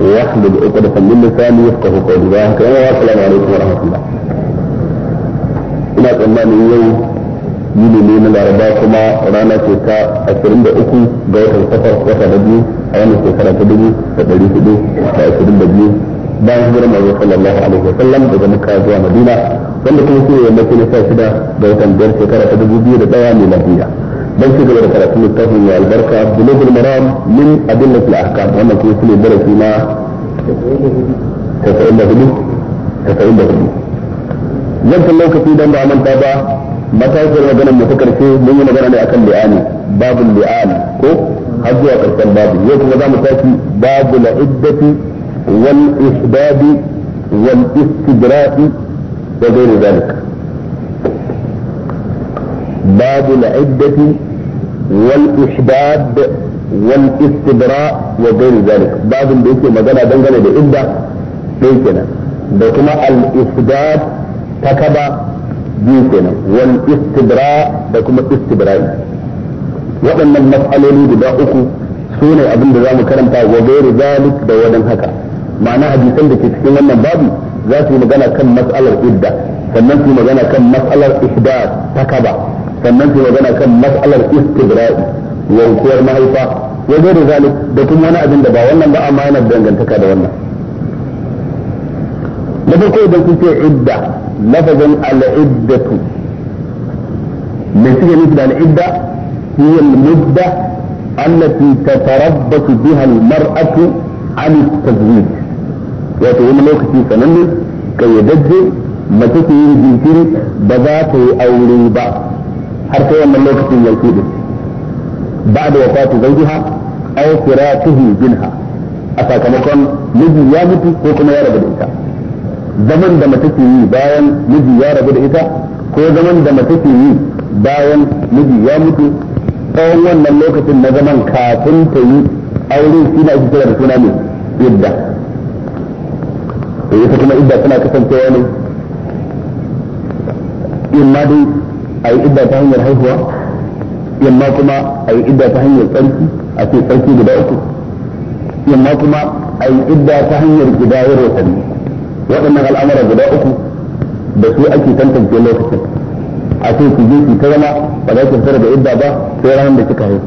واحلل عقدة من لساني يفقه قولي بارك الله السلام عليكم ورحمة الله ina tsammanin yau yini ne na laraba kuma rana ce ta 23 ga watan safar wata da biyu a wannan shekara ta dubu da ɗari hudu da ashirin da biyu bayan hijirar manzo sallallahu alaihi wa sallam daga makka zuwa madina wanda kuma shi ne yammaci na sha shida ga watan biyar shekara ta dubu biyu da ɗaya miladiya من في ذلك لكم التوفيق والبركة بلوغ المرام من أدلة الأحكام وما في كل درس ما فإنه لي فإنه لي جلس الله كثيرا مع من تابع ما تأثر مدنا مفكر فيه من مدنا لأكل لآن باب اللآن كو هذا أكثر الباب يوكو مدام تأثي باب العدة والإحباب والاستدراء وغير ذلك باب العدة والإحباب والاستبراء وغير ذلك بعض بيت مغنى دنغنى بإبدا بيتنا دوكما الإسداد تكبا بيتنا والاستبراء دوكما استبرائي وأن المسألة guda uku su abin da za mu karanta wa gairu zalik da wadan haka ma'ana hadisan da ke cikin wannan babu za su yi magana kan matsalar idda sannan su magana kan mas'alar ihdath takaba sannan su magana kan matsalar istibra'i yankuwar mahaifa ya zo da zalik da kuma wani abin da ba wannan ba amma yana dangantaka da wannan na farko idan sun ce idda lafazin al'iddatu mai suke nufi da al'idda هي المدة التي تتربص بها المرأة an التزويج wato wani lokaci sananne kayyadajje mace ke yin jinkiri ba za ta yi aure ba har sai wannan lokacin ya kuɗe ba da wafatu zaujiha aw firatuhu ha a sakamakon miji ya mutu ko kuma ya rabu da ita zaman da mace ke yi bayan miji ya rabu da ita ko zaman da mace ke yi bayan miji ya mutu tsawon wannan lokacin na zaman kafin ta yi aure shi na ake kira da suna ne idda ita kuma idda tana kasancewa ne in ma dai a yi idda ta hanyar haihuwa yamma kuma a yi idda ta hanyar tsarki a ce tsarki guda uku yamma kuma a yi idda ta hanyar gidayar watanni waɗannan al'amura guda uku da su ake tantance lokacin a ce ki je ki ta zama ba za ki fitar da idda ba sai ranar da kika haihu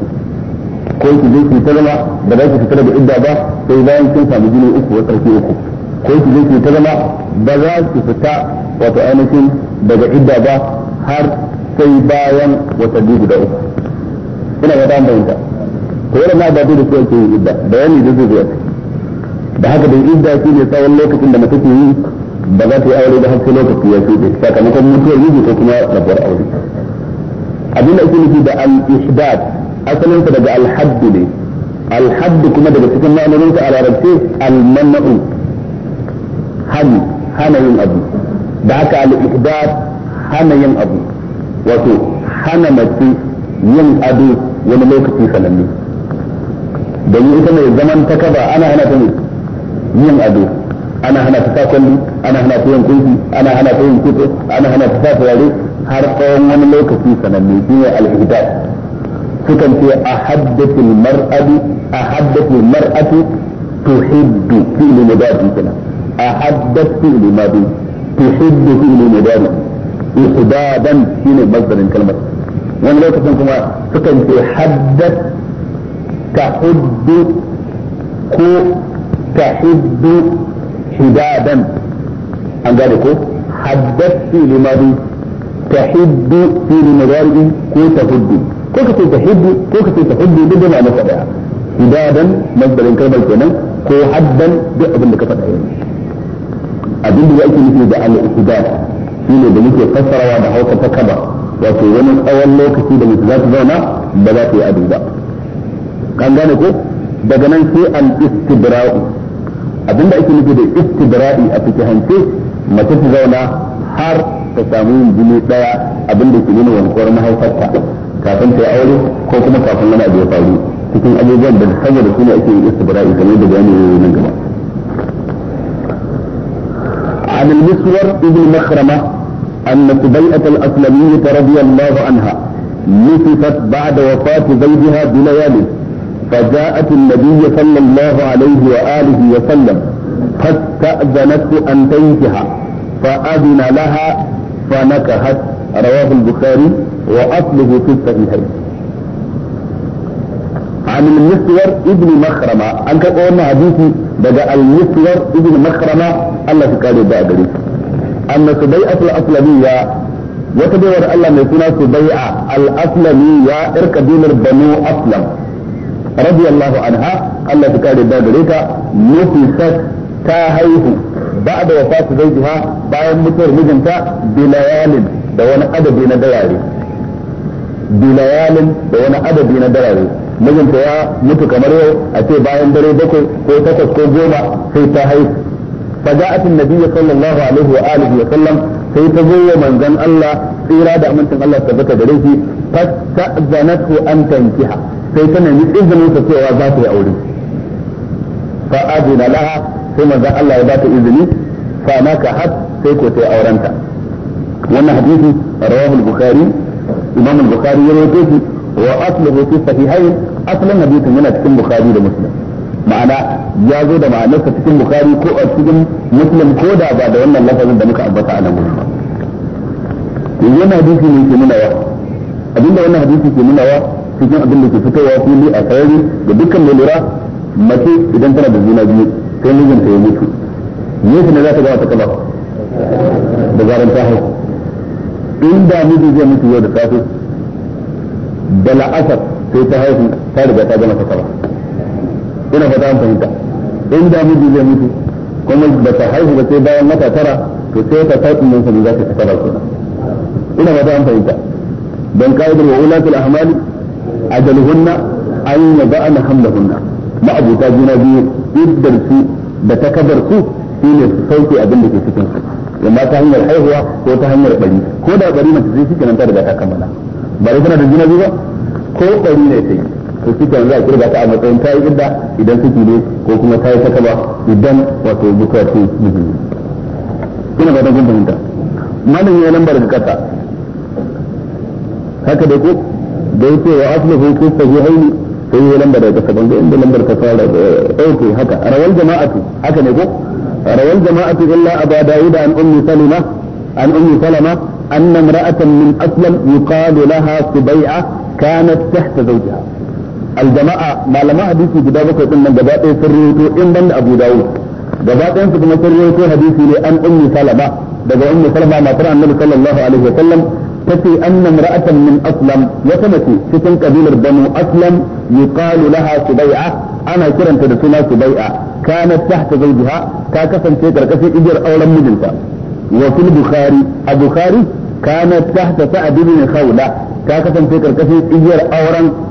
ko ki je ki ta zama ba za ki fitar da idda ba sai bayan sun samu jini uku wa tsarki uku ko ki je ki ta zama ba za ki fita wata ainihin daga idda ba har sai bayan watanni guda uku ina ga dan bayyana to yana na babu da suke yin idda bayani da zai zuwa da haka da idda shi ne tsawon lokacin da mutum yi ba za ta yi aure da har sai lokaci ya shuɗe sakamakon mutuwar yi ko kuma rabuwar aure abin da ake nufi da al ihdad asalin asalinsa daga al-hadd ne al-hadd kuma daga cikin ma'anoninsa a larabci al-man'u hadd hana yin abu da haka al ihdad hana yin abu wato hana mace yin ado wani lokaci sananne domin ita mai zaman ta kaba ana hana ta ne yin ado ana hana ta sa kwalli ana hana ta yin kunki ana hana ta yin kitso ana hana ta sa turare har tsawon wani lokaci sananne shi ne al sukan ce a haddatul mar'atu a haddatul mar'atu tuhiddu fi'lu mudari kenan a haddatul mudari tuhiddu fi'lu mudari حبابا شين المصدر الكلمة وان يعني لو تكون كما تحدث تحد كو تحد حبابا عن ذلك حدث في لماذي تحد في لمضارب كو تحد كو تحد كو تحد بدون ما نفعها حبابا مصدر الكلمة كنا كو حدا بأبن كفتحين أبن دي مثل دعال الحبابا shine da muke fassarawa da hausa ta kaba wato wani tsawon lokaci da mutum za ta zauna ba za ta yi ado ba kan gane ko daga nan sai al istibra'i abinda ake nufi da istibra'i a hance mace ta zauna har ta samu jini daya abinda ke nuna wankuwar mahaifarta kafin ta yi aure ko kuma kafin wani abu ya faru cikin abubuwan da saboda su ne ake yin istibra'i kamar da bayani ne nan gaba عن المسور ابن مخرمة أن سبيئة الأسلمية رضي الله عنها نفخت بعد وفاة زوجها بليالي فجاءت النبي صلى الله عليه وآله وسلم فاستأذنته أن تنكح فأذن لها فنكحت رواه البخاري وأصله في الصحيحين عن المسور ابن مخرمة أنت قولنا حديثي بدأ المسور ابن مخرمة الله تكالي بقى anna subai'a al wata baiwar Allah mai suna subai'a al ya yar kabilar banu aslam radiyallahu anha Allah ta kare da gare ta nufisat ta haihu بعد وفاة زوجها bayan mutuwar mijinta bilayalin da wani adadi na dalare da wani adadi na dalare mijinta ya mutu kamar yau a ce bayan dare bakwai ko takwas ko goma sai ta haihu فجاءت النبي صلى الله عليه وآله وسلم sai ta zo wa manzon Allah tsira da amincin Allah tabbata da rai fasta'zanatu an tankiha sai ta nemi izinin sa cewa za ta yi aure fa adina laha sai manzon Allah ya ba ta izini fa har sai ko aurenta wani hadisi rawahu al-bukhari imam al-bukhari ya rawaito shi wa asluhu fi sahihayn aslan hadithin yana cikin bukhari da muslim ma'ana ya zo da ma'anarsa cikin bukari ko a cikin muslim ko da ba da wannan lafazin da muka ambata a nan gudu ba yanzu wannan hadisi ne ke nuna wa abinda wannan hadisi ke nuna wa cikin abin da ke fitowa fili a sarari da dukkan mai lura mace idan tana da juna biyu sai mijinta ya mutu yinsa ne za ta gama ta kaba da zaran ta haihu inda miji zai mutu yau da safe da la'asar sai ta haihu ta riga ta gama ta kaba ina fata an fahimta in da miji zai mutu kuma da ta haihu da sai bayan mata tara to sai ta sauƙin nan sani za ka ta kaba kenan ina fata an fahimta dan ka'idar wa ulatul ahmali ajaluhunna an yada'ana hamlahunna ma'abuta juna biyu iddar su da takabar su ne su sauke abin da ke cikin su amma ta hanyar haihuwa ko ta hanyar bari ko da bari mace sai shi kenan ta riga ta kammala bare tana da juna biyu ba ko bari ne ta yi to shi kenan za a kirga ta a matsayin ta yi idda idan suke ne ko kuma ta yi sakaba idan wato mutuwa ce musulmi kuna fatan kun fahimta malam ya lambar da kasa haka da ku da yake wa aslahu fi sahihaini sai ya lambar da kasa ban inda lambar ta fara dauke haka rawal jama'atu haka ne ko rawal jama'atu illa aba dauda an ummi salima an ummi salama أن امرأة من أسلم يقال لها سبيعة كانت تحت زوجها aljama'a malaman hadisi guda bakwai din nan gaba ɗaya sun rawaito in banda Abu Dawud gaba ɗayan su kuma sun rawaito hadisi ne an ummi Salama daga ummi Salama matar Annabi sallallahu alaihi wa sallam tace anna imra'atan min aslam wata mace cikin kabilar Banu Aslam yuqalu laha Subai'a ana kiranta da suna Subai'a kanat tahta zawjiha ta kasance karkashin igiyar auren mijinta wa fil Bukhari a Bukhari kanat tahta Sa'd ibn Khawla ta kasance karkashin igiyar auren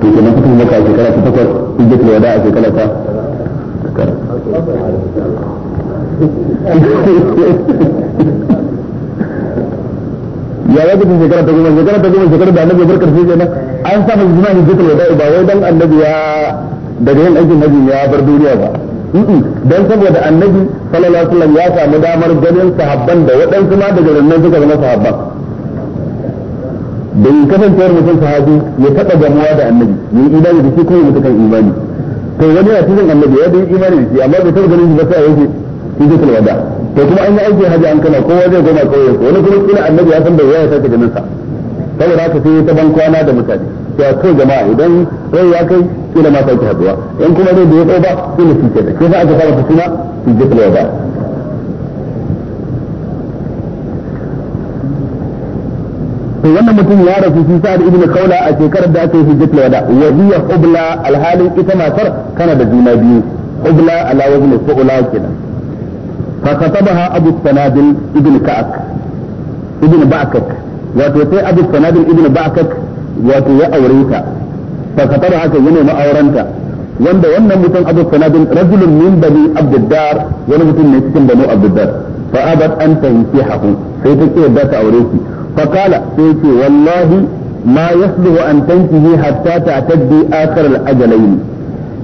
to kenan fitin maka a shekara ta takwas hujjatul wada a shekara ta ya ya fitin shekara ta goma shekara ta goma shekara da annabi barkar sai kenan an sa mai jima hujjatul wada ba wai dan annabi ya daga yin aikin hajji ya bar duniya ba dan saboda annabi sallallahu alaihi wasallam ya samu damar ganin sahabban da waɗansu ma daga nan suka zama sahabban bai kasancewar mutum sahabi ya taɓa gamuwa da annabi ya yi imani da shi ko mutu kan imani to wani a cikin annabi ya yi imani da shi amma bai taɓa ganin shi ba sai yake cikin kulwada to kuma an yi aiki haji an kama kowa zai goma kauye wani kuma kila annabi ya san da ya sake ganin sa saboda haka sai ta ban kwana da mutane to a kai jama'a idan rai ya kai kila ma sake haduwa in kuma zai da ya ba kila shi ke da kisa aka fara suna shi ke kulwada to wannan mutum ya rasu shi sa'ad ibn kaula a shekarar da ake hijjatul wada wa hiya ubla alhalin ita matar kana da juna biyu ubla ala wajhi su'ula kenan fa katabaha abu sanadil ibn ka'ak ibn ba'kak wato sai abu sanadil ibn ba'kak wato ya aure ta fa katabaha haka yana ma ma'auranta wanda wannan mutum abu sanadil rajulun min bani abdiddar wani mutum ne cikin bani abdiddar fa abad an tankihahu sai ta ce da ta aure shi فقال سيتي والله ما يصلح أن تنتهي حتى تعتدي آخر الأجلين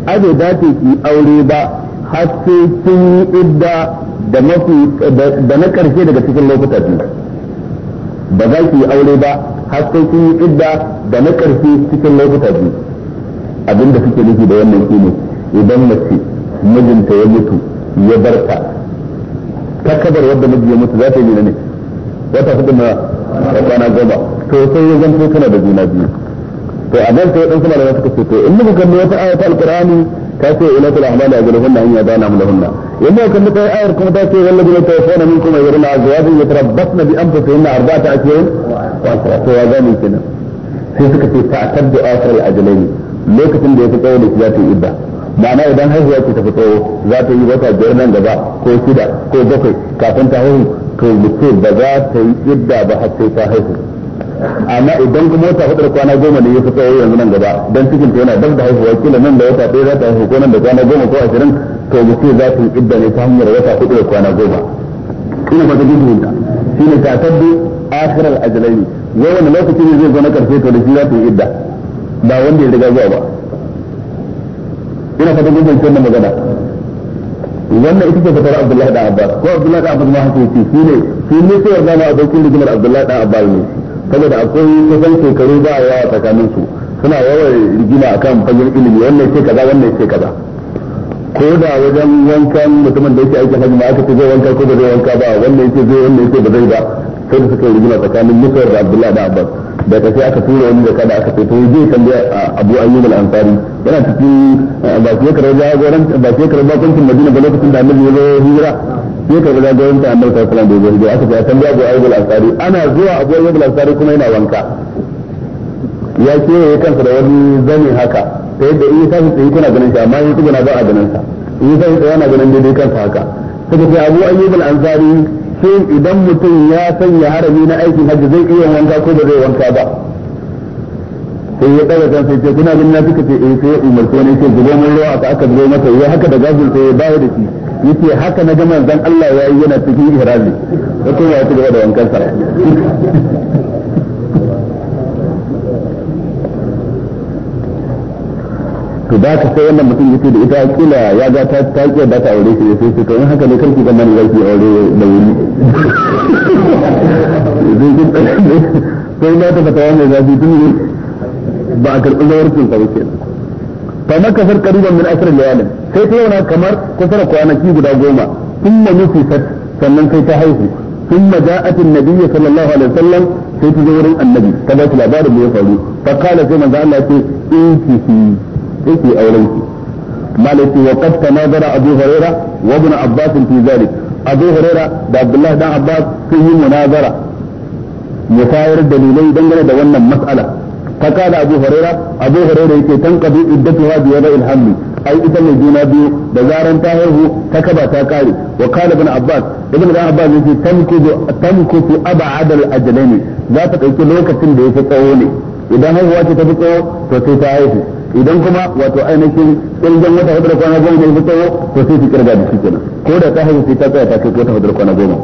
أبي ذاتي في أوليبا حتى في إدى da mafi da na karshe daga cikin lokuta biyu ba za ki yi aure ba har sai yi idda da na karshe cikin lokuta biyu abin da suke nufi da wannan shine idan mace mijinta ya mutu ya barka kabar ya mutu za ta yi da kwana goma to sai ya zanto tana da juna biyu to a nan sai ya ɗansu malamai suka ce to in muka kalli wata ayat alqur'ani ta ce ila tul ahmal da gulu hunna ya dana mu lahunna in muka kalli ta ayar kuma ta ce wallahi la tawfana minkum yurna azwajin yatarabbasna bi anfusihinna arba'ata asyrin wa asra to ya gani kenan sai suka ce ta akaddu asar al-ajlaini lokacin da ya fi tsawo da shi za ta yi idda ma'ana idan haihuwa ce ta fi tsawo za ta yi wata biyar nan gaba ko shida ko bakwai kafin ta haihu to mace ba za ta yi idda ba har sai ta haihu amma idan kuma wata hudar kwana goma ne ya fi tsawo yanzu nan gaba dan cikin ta yana dab da haihuwa kila nan da wata ɗaya za ta haihu ko nan da kwana goma ko ashirin to mace za ta yi idda ne ta hanyar wata hudu da kwana goma ina ba ta gudu ta shi ne ta tabbi akhirar ajalaini ne. wani lokaci ne zai zo na karshe to da shi za ta yi idda ba wanda ya riga zuwa ba ina fata gudu ta magana wannan ita ce fatar Abdullahi da Abbas ko Abdullahi da Abbas ma haka yake shi ne shi ne sai zama abokin rigimar Abdullahi da Abbas ne saboda akwai kusan shekaru ba a yawa tsakanin su suna yawan rigima akan fagen ilimi wannan ce kaza wannan ce kaza ko da wajen wankan mutumin da yake aikin hajji ma aka ce zai wanka ko ba zai wanka ba wannan yake zai wannan yake ba zai ba sai da suka yi rigima tsakanin Musa da Abdullahi da Abbas da sai aka tura wani da aka ce to zai da Abu Ayyub al-Ansari yana cikin eh, ba sai karar jagoran ba sai karar bakuncin Madina ba lokacin da Annabi ya zo hijira sai karar jagoran ta Annabi sallallahu alaihi wasallam da aka ce kan Abu Ayyub al-Ansari ana zuwa Abu Ayyub al-Ansari kuma yana wanka ya ce ya kan da wani zani haka ta yadda in ya tashi tsaye kuna ganin shi amma in ya tsuguna ba a ganin sa in ya tashi tsaye yana ganin daidai kansa haka suka ce Abu Ayyub al-Ansari sai idan mutum ya sanya harami na aikin hajji zai iya wanka ko ba zai wanka ba sai ya daga kan sai ce kuna ganin na suka ce eh sai ya umarce ne sai zubo mun ruwa aka aka zubo masa ya haka da gajin sai ya bayar da shi yace haka na gama manzon Allah yayi yana cikin ihrami ya kuma ya ci gaba da wankan sa to da ka sai wannan mutum yake da ita kila ya ga ta ta ki da ta aure shi sai sai to in haka ne kanki zaman za ki aure da wuri sai na ta fatawa mai zafi tun ba a karɓi zawarcin sa ke fa maka sar qariban min asr layalin sai ta yana kamar kusa da kwanaki guda goma nufi sat sannan sai ta haihu ma ja'at an-nabiy sallallahu alaihi wasallam sai ta zo wurin annabi ta ba shi labarin da ya faru fa kala sai manzo Allah ce in ki sai ku yi auren ki malaki wa qad tanazara abu huraira wa ibn abbas fi zalik abu huraira da Abdullahi dan abbas sun yi munazara musayar dalilai dangane da wannan mas'ala فقال أبو yake أبو هريرة يكي تنقضي عدتها بوضع الحمل ai ita mai juna biyu da zaran ta haihu ta kaba ta kare wa kana ibn abbas ibn dan abbas yake tamkudu tamkutu ab'ad al ajlain za ta lokacin da yafi tsawo ne idan haihuwa ce ta fi tsawo to sai ta haihu idan kuma wato ainihin kirgan wata hudu da kwana goma ne fitowa to sai su kirga da shi kenan ko da ta haihu sai ta tsaya ta kai wata hudu da kwana goma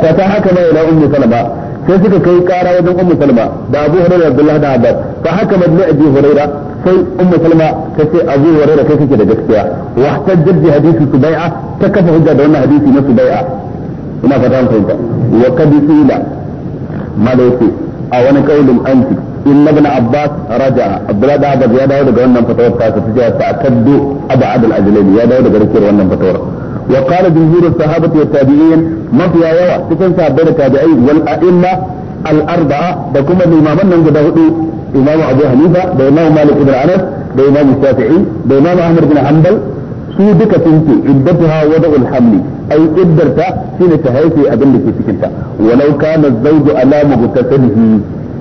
ta ta haka mai ila ummu salama sai suka kai ƙara wajen ummu salama da abu hurairah abdullahi da abbas ta haka madni abi hurairah sai ummu salama ta ce abu hurairah kai kake da gaskiya wa tajjid bi hadisi subai'a ta kafa hujja da wannan hadisi na subai'a ina fata mun fahimta wa kadisila malaiti a wani kaulin anti إن ابن عباس رجع عبد الله بن عباس يا داود قال لهم فتوى تجاه تأكد أبعد الأجلين يا داود قال كير ونم وقال جمهور الصحابة والتابعين ما فيها آية يوى تكن سابر التابعين والأئمة الأربعة بكم الإمام من جدهد إمام أبو حنيفة بإمام مالك بن أنس بإمام الشافعي بإمام أحمد بن حنبل في duka sun عدتها وضع الحمل أي قدرت في shine أبنك في ولو كان الزوج cikin ta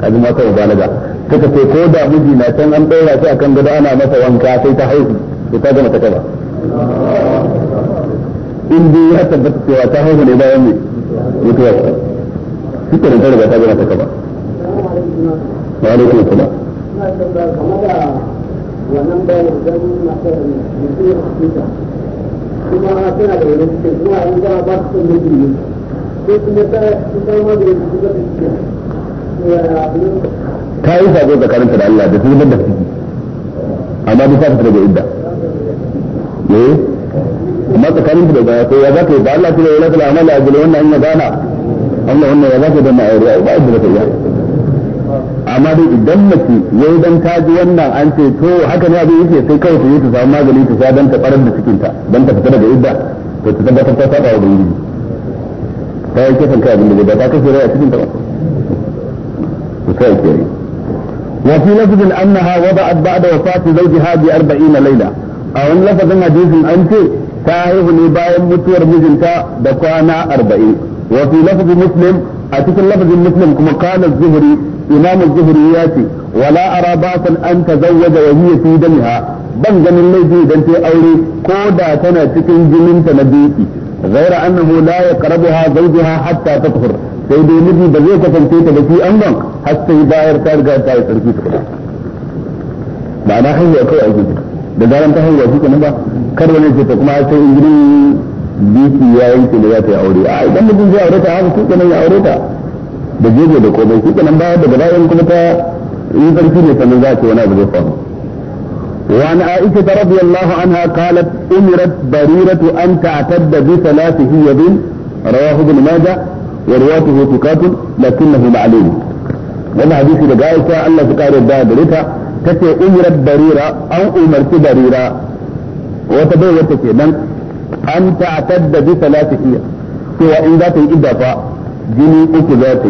abin ma kawai balaga suka ko da miji na can an ɗora shi akan gado ana masa wanka sai ta haihu to ta gama ta in dai ya tabbata cewa ta haihu ne bayan ne mutuwa shi ta rinta riga ta gama ta wa alaikum wannan ba su ta yi sako tsakaninta da Allah da sun da ciki amma duk ta daga idda ne eh? amma tsakaninta da baya ko ya za ka yi ba Allah ta yi lafiya amma da ajiyar wannan hanyar gana Allah wannan ya za ka yi don ma'aure ba idda da ta yi amma dai idan mace yau dan ta ji wannan an ce to haka ne abin yake sai kawai ta yi ta samu magani ta sa dan ta barar da cikinta dan ta fita daga idda to ta tabbatar ta saba wa ubangiji ta yi kisan kai abin da ba ta kashe rai a cikin ta ba sai ke وفي لفظ أنها وضعت بعد وفاة زوجها بأربعين ليلة أو أن لفظ حديث أنت تاهيه لباية متور مجنتا دقانا أربعين وفي لفظ مسلم أتيت لفظ مسلم كما قال الزهري إمام الزهرياتي ولا أرى بأسا أن تزوج وهي في دمها بل جن الذي دنت أولي كودا تنا تكن جنين تنبيتي غير أنه لا يقربها زوجها حتى تطهر sai dai miji ba zai kasance ta da shi an ban har sai bayar ta riga ta yi sarki ta ba na hanyar kawai ake da zaran ta hanyar shi kenan ba kar wani ce ta kuma sai ingirin biki ya yanke da za ta yi aure a idan mutum zai aure ta haka shi kenan ya aure ta da jego da komai shi kenan ba daga bayan kuma ta yi sarki ne sannan za a ce wani abu zai faru وعن عائشة رضي الله عنها قالت أمرت بريرة أن تعتد بثلاث هي رواه ابن ماجه ورواته ثقات لكنه معلوم وما حديث دقائق الله سكار الدار بريتا تتي أمر الضريرة أو أمرت ضريرة وتبوي وتكي من أن تعتد بثلاثة هي سوى إن ذات الإضافة جني أكي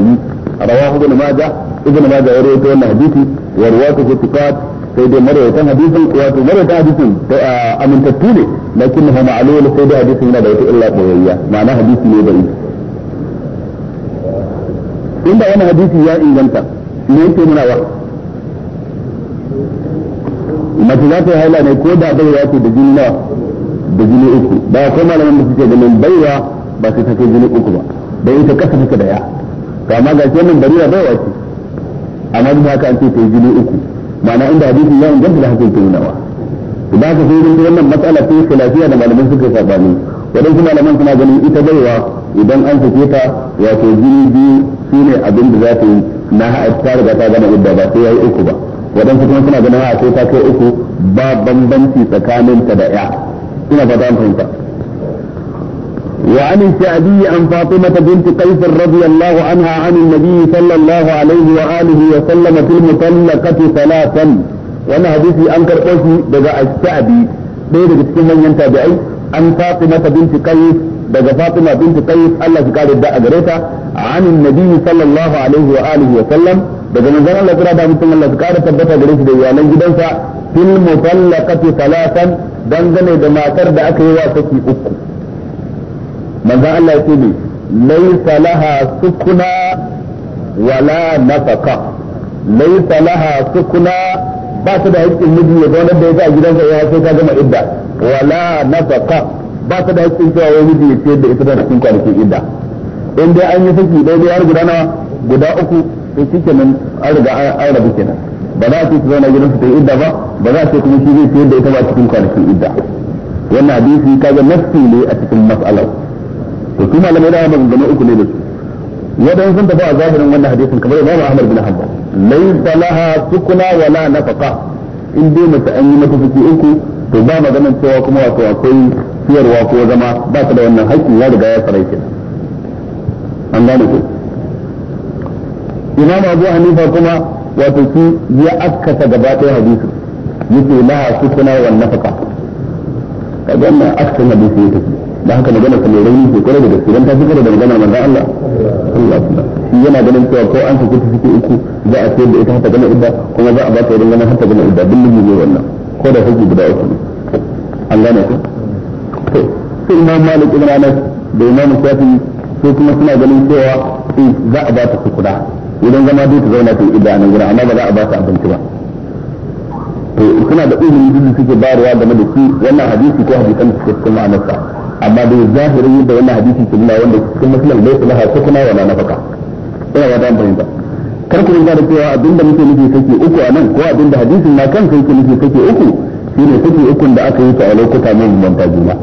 رواه ابن ماجه ابن ماجه وريته وما حديث ورواته ثقات سيدي مريم كان حديثا وفي مريم كان حديثا آه، أمن تتولي لكنه معلول سيدي حديثا لا بيت إلا قوية معناه حديث مريم inda wani hadisi ya inganta me yake nuna wa mace za ta yi haila ne ko da baiwa ce da jini nawa da jini uku ba ko malamin da suke ganin baiwa ba sai ta kai jini uku ba dan ita kasa take da ya to amma ga bari barira baiwa ce amma duk haka an ce ta yi jini uku ma'ana inda hadisi ya inganta da haka ke nuna wa to da haka sai wannan matsala ce khilafiya da malamin suka sabani wadansu malaman suna ganin ita baiwa idan an sake ta wato jini biyu shi ne abin da za ta yi na ta riga ta gama idda ba sai ya yi uku ba waɗansu kuma suna ganin a sai ta kai uku ba bambanci tsakanin ta da ya suna fata an fahimta وعن الشعبي عن فاطمة بنت قيس رضي الله عنها عن النبي صلى الله عليه وآله وسلم في المطلقة ثلاثا وانا حديثي أنكر قوسي بقى الشعبي ɗaya daga cikin manyan tabi'ai an fatima ta binti qais daga fatima binti qais Allah ya kare da a gare ta عن النبي صلى الله عليه وآله وسلم daga manzon Allah kira da mutum Allah su kara tabbata gare shi da iyalan gidansa fil mutallaqati salatan dangane da matar da aka yi wa saki uku manzon Allah ya ne laysa laha sukuna wala nafaka laysa laha sukuna ba ta da haƙƙin miji ya zaunar da ya ga gidansa ya sai ta gama idda wala nafaka ba ta da haƙƙin cewa wani miji ya ce da ita da cikin kwanakin idda in dai an yi saki daidai har guda nawa guda uku to shi kenan an riga an rabu kenan ba za a ce su zauna gidan su ta yi idda ba ba za a ce kuma shi zai ciyar da ita ba cikin kwanakin idda wannan hadisi kaga nafsi ne a cikin mas'alar to kuma malamai da maganganu uku ne da su wadan sun tafi a zahirin wannan hadisin kamar Imam Ahmad bin Hanbal laysa laha sukuna wala nafaqa in dai mace an yi mata fiki uku to ba maganar cewa kuma wato akwai ciyarwa ko zama ba ta da wannan haƙƙin ya riga ya sarai kenan an gane ko imam abu hanifa kuma wato shi ya askata gaba ɗaya hadisi yake la sukuna wan nafaka kaga wannan aksan hadisi yake da haka magana ta mai rauni ke kwarai da gaske dan ta fitar da magana manzo Allah Allah shi yana ganin cewa ko an saki take uku za a sayar da ita hata gana idda kuma za a ba ta ganin hata gana idda bin limi ne wannan ko da hukumi guda uku ne an gane ku. to sai Imam Malik ibn Anas da Imam Shafi'i ko kuma suna ganin cewa za a ba ta su kuɗa idan zama dai ta zauna ta yi idda a nan gudan amma ba za a ba ta abinci ba to suna da ilimin da suke bayarwa game da shi wannan hadisi ko hadisan da suke cikin ma'anarsa amma da zahirin yadda wannan hadisi ke nuna wanda cikin musulman bai kula ko kuma wala nafaka ina ba ta fahimta kar ku rinka da cewa abinda muke nufi kake uku a nan ko abinda hadisin na kansa yake nufi kake uku shine kake ukun da aka yi ta a lokuta mabambanta juna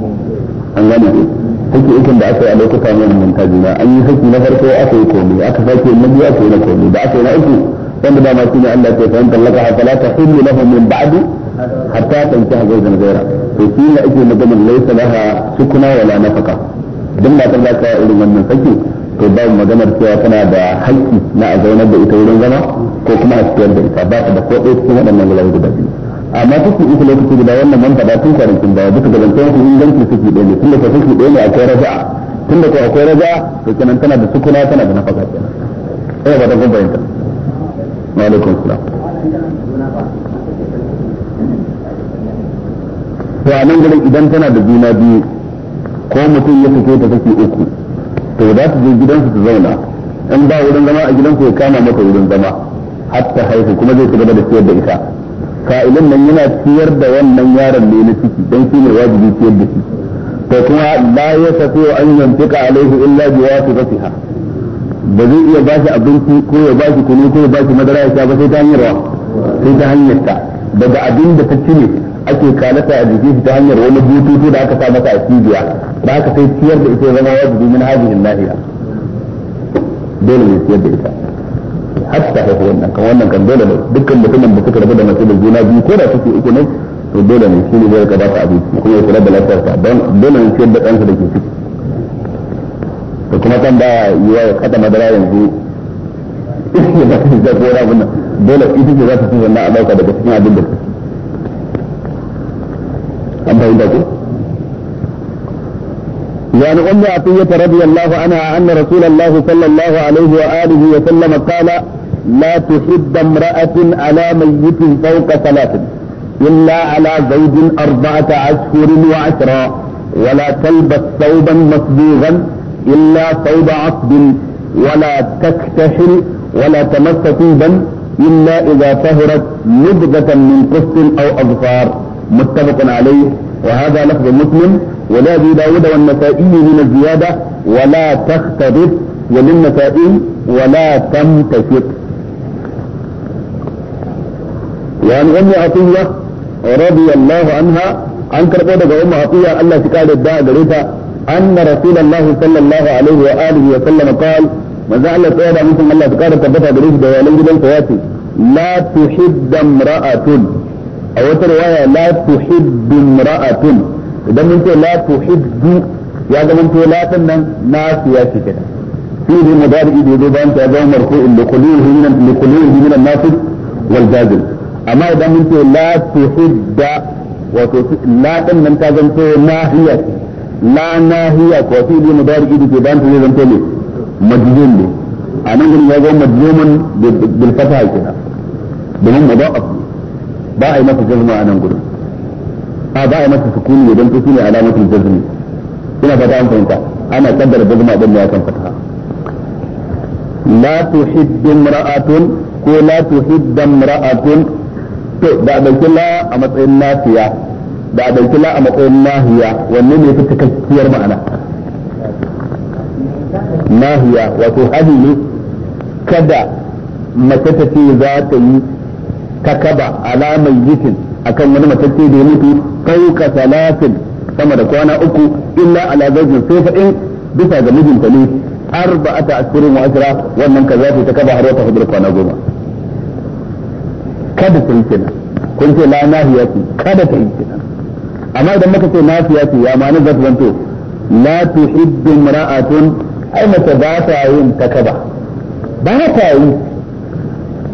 an gane ku saki ikin da aka yi a lokuta mai manta juna an yi saki na farko aka yi komai aka sake na biyu aka yi na komai da aka yi na uku wanda dama shine Allah ke fahimta laka ha fala tahillu lahu min ba'du hatta tankiha zawjan ghayra to shi ne ake magana laysa laha sukuna wala nafaka duk matar da ka irin wannan saki to ba maganar cewa tana da haƙƙi na a zaunar da ita wurin zama ko kuma a ciyar da ita ba ta da ko ɗaya cikin waɗannan guda biyu amma take isa lokaci guda wannan man faɗa tun kwanakin baya duka gabantar su ingancin suke ɗaya ne tunda ko su ɗaya ne akwai raja'a tunda ko akwai raja'a to kenan tana da sukuna tana da nafaka kenan ina ba ta kun bayyana wa alaikum salam to a nan gurin idan tana da juna biyu ko mutum ya fito ta kake uku to za ta je gidansu ta zauna in ba wurin zama a gidansu ya kama mata wurin zama hatta haihu kuma zai ci gaba da ciyar da ita ka'ilin nan yana ciyar da wannan yaron ne na ciki don shi ne wajibi ciyar da shi to kuma la ya safi an yantuka alaihi illa bi wasifatiha ba zai iya ba shi abinci ko ya ba shi kunu ko ya ba shi madara ya sha ba sai ta hanyar sai ta hanyar ta daga abin da ta cire ake kalata a jikin shi ta hanyar wani bututu da aka sa masa a cibiya ba aka sai ciyar da ita zama wajibi min hajjin lahiya dole ne ciyar da ita hatta haihu wannan kan wannan kan dole ne dukkan mutumin da suka rabu da mace da juna biyu ko da suke uku ne to dole ne shi ne zai ka ba ta abinci kuma ya kula da lafiyarsa don dole ne ciyar da ɗansa da ke ciki to kuma kan ba yiwa ya kada madara yanzu ya ba ta da gora abin dole ita ce za ta ci wannan a ɗauka daga cikin abin da an fahimta ko وعن ام عطيه رضي الله عنها ان رسول الله صلى الله عليه واله وسلم قال لا تحب امراه على ميت فوق ثلاث الا على زوج اربعه اشهر وعشرا ولا تلبس ثوبا مصبوغا الا ثوب عصب ولا تكتحل ولا تمس ثوبا الا اذا طهرت نبذه من قسط او اظفار متفق عليه وهذا لفظ مسلم ولأبي داود والنسائي من الزيادة ولا تختلف وللنسائي ولا تمتشط وعن أم عطية رضي الله عنها عن كربودة أم عطية الله شكال الداء قريتها أن رسول الله صلى الله عليه وآله وسلم قال ما زال سؤال منكم الله تكاد تبتها بريش ولم يجب فواتي لا تحب امرأة أو رواية لا تحب امرأة idan mun ce la tuhibbu ya zama to la din nan nafiya ce kenan fi'li mudari da zai ta zama in li quluhi min li min an wal jazim amma idan mun ce la tuhibba wato la nan ta zama to nahiya la ko fi'li mudari da zai ta zama to ne majzum ne a nan ya zama bil domin mudaf ba a yi masa jazma anan gurin a ba a masa sukuni idan to shine alamatul jazmi ina fata an fahimta ana kaddara jazma din ya kan fata la tuhibbu imra'atun ko la tuhibbu imra'atun to da dauki la a matsayin nafiya da dauki la a matsayin nahiya wanne ne fi cikakkiyar ma'ana nahiya wato hali ne kada mace ta ce za ta yi takaba alamar yitin akan wani matacce da ya mutu fauka salatin sama da kwana uku illa ala zaujin sai fa bisa ga mijinta ne ata asirin wa asira wannan kaza ce ta kaba har wata hudur kwana goma kada ta yi kenan kun ce la nahiya ce kada ta yi kenan amma idan muka ce nafiya ce ya ma'anar za ta zanto la tuhibbu imra'atun ai mace ba ta yin takaba ba ta yi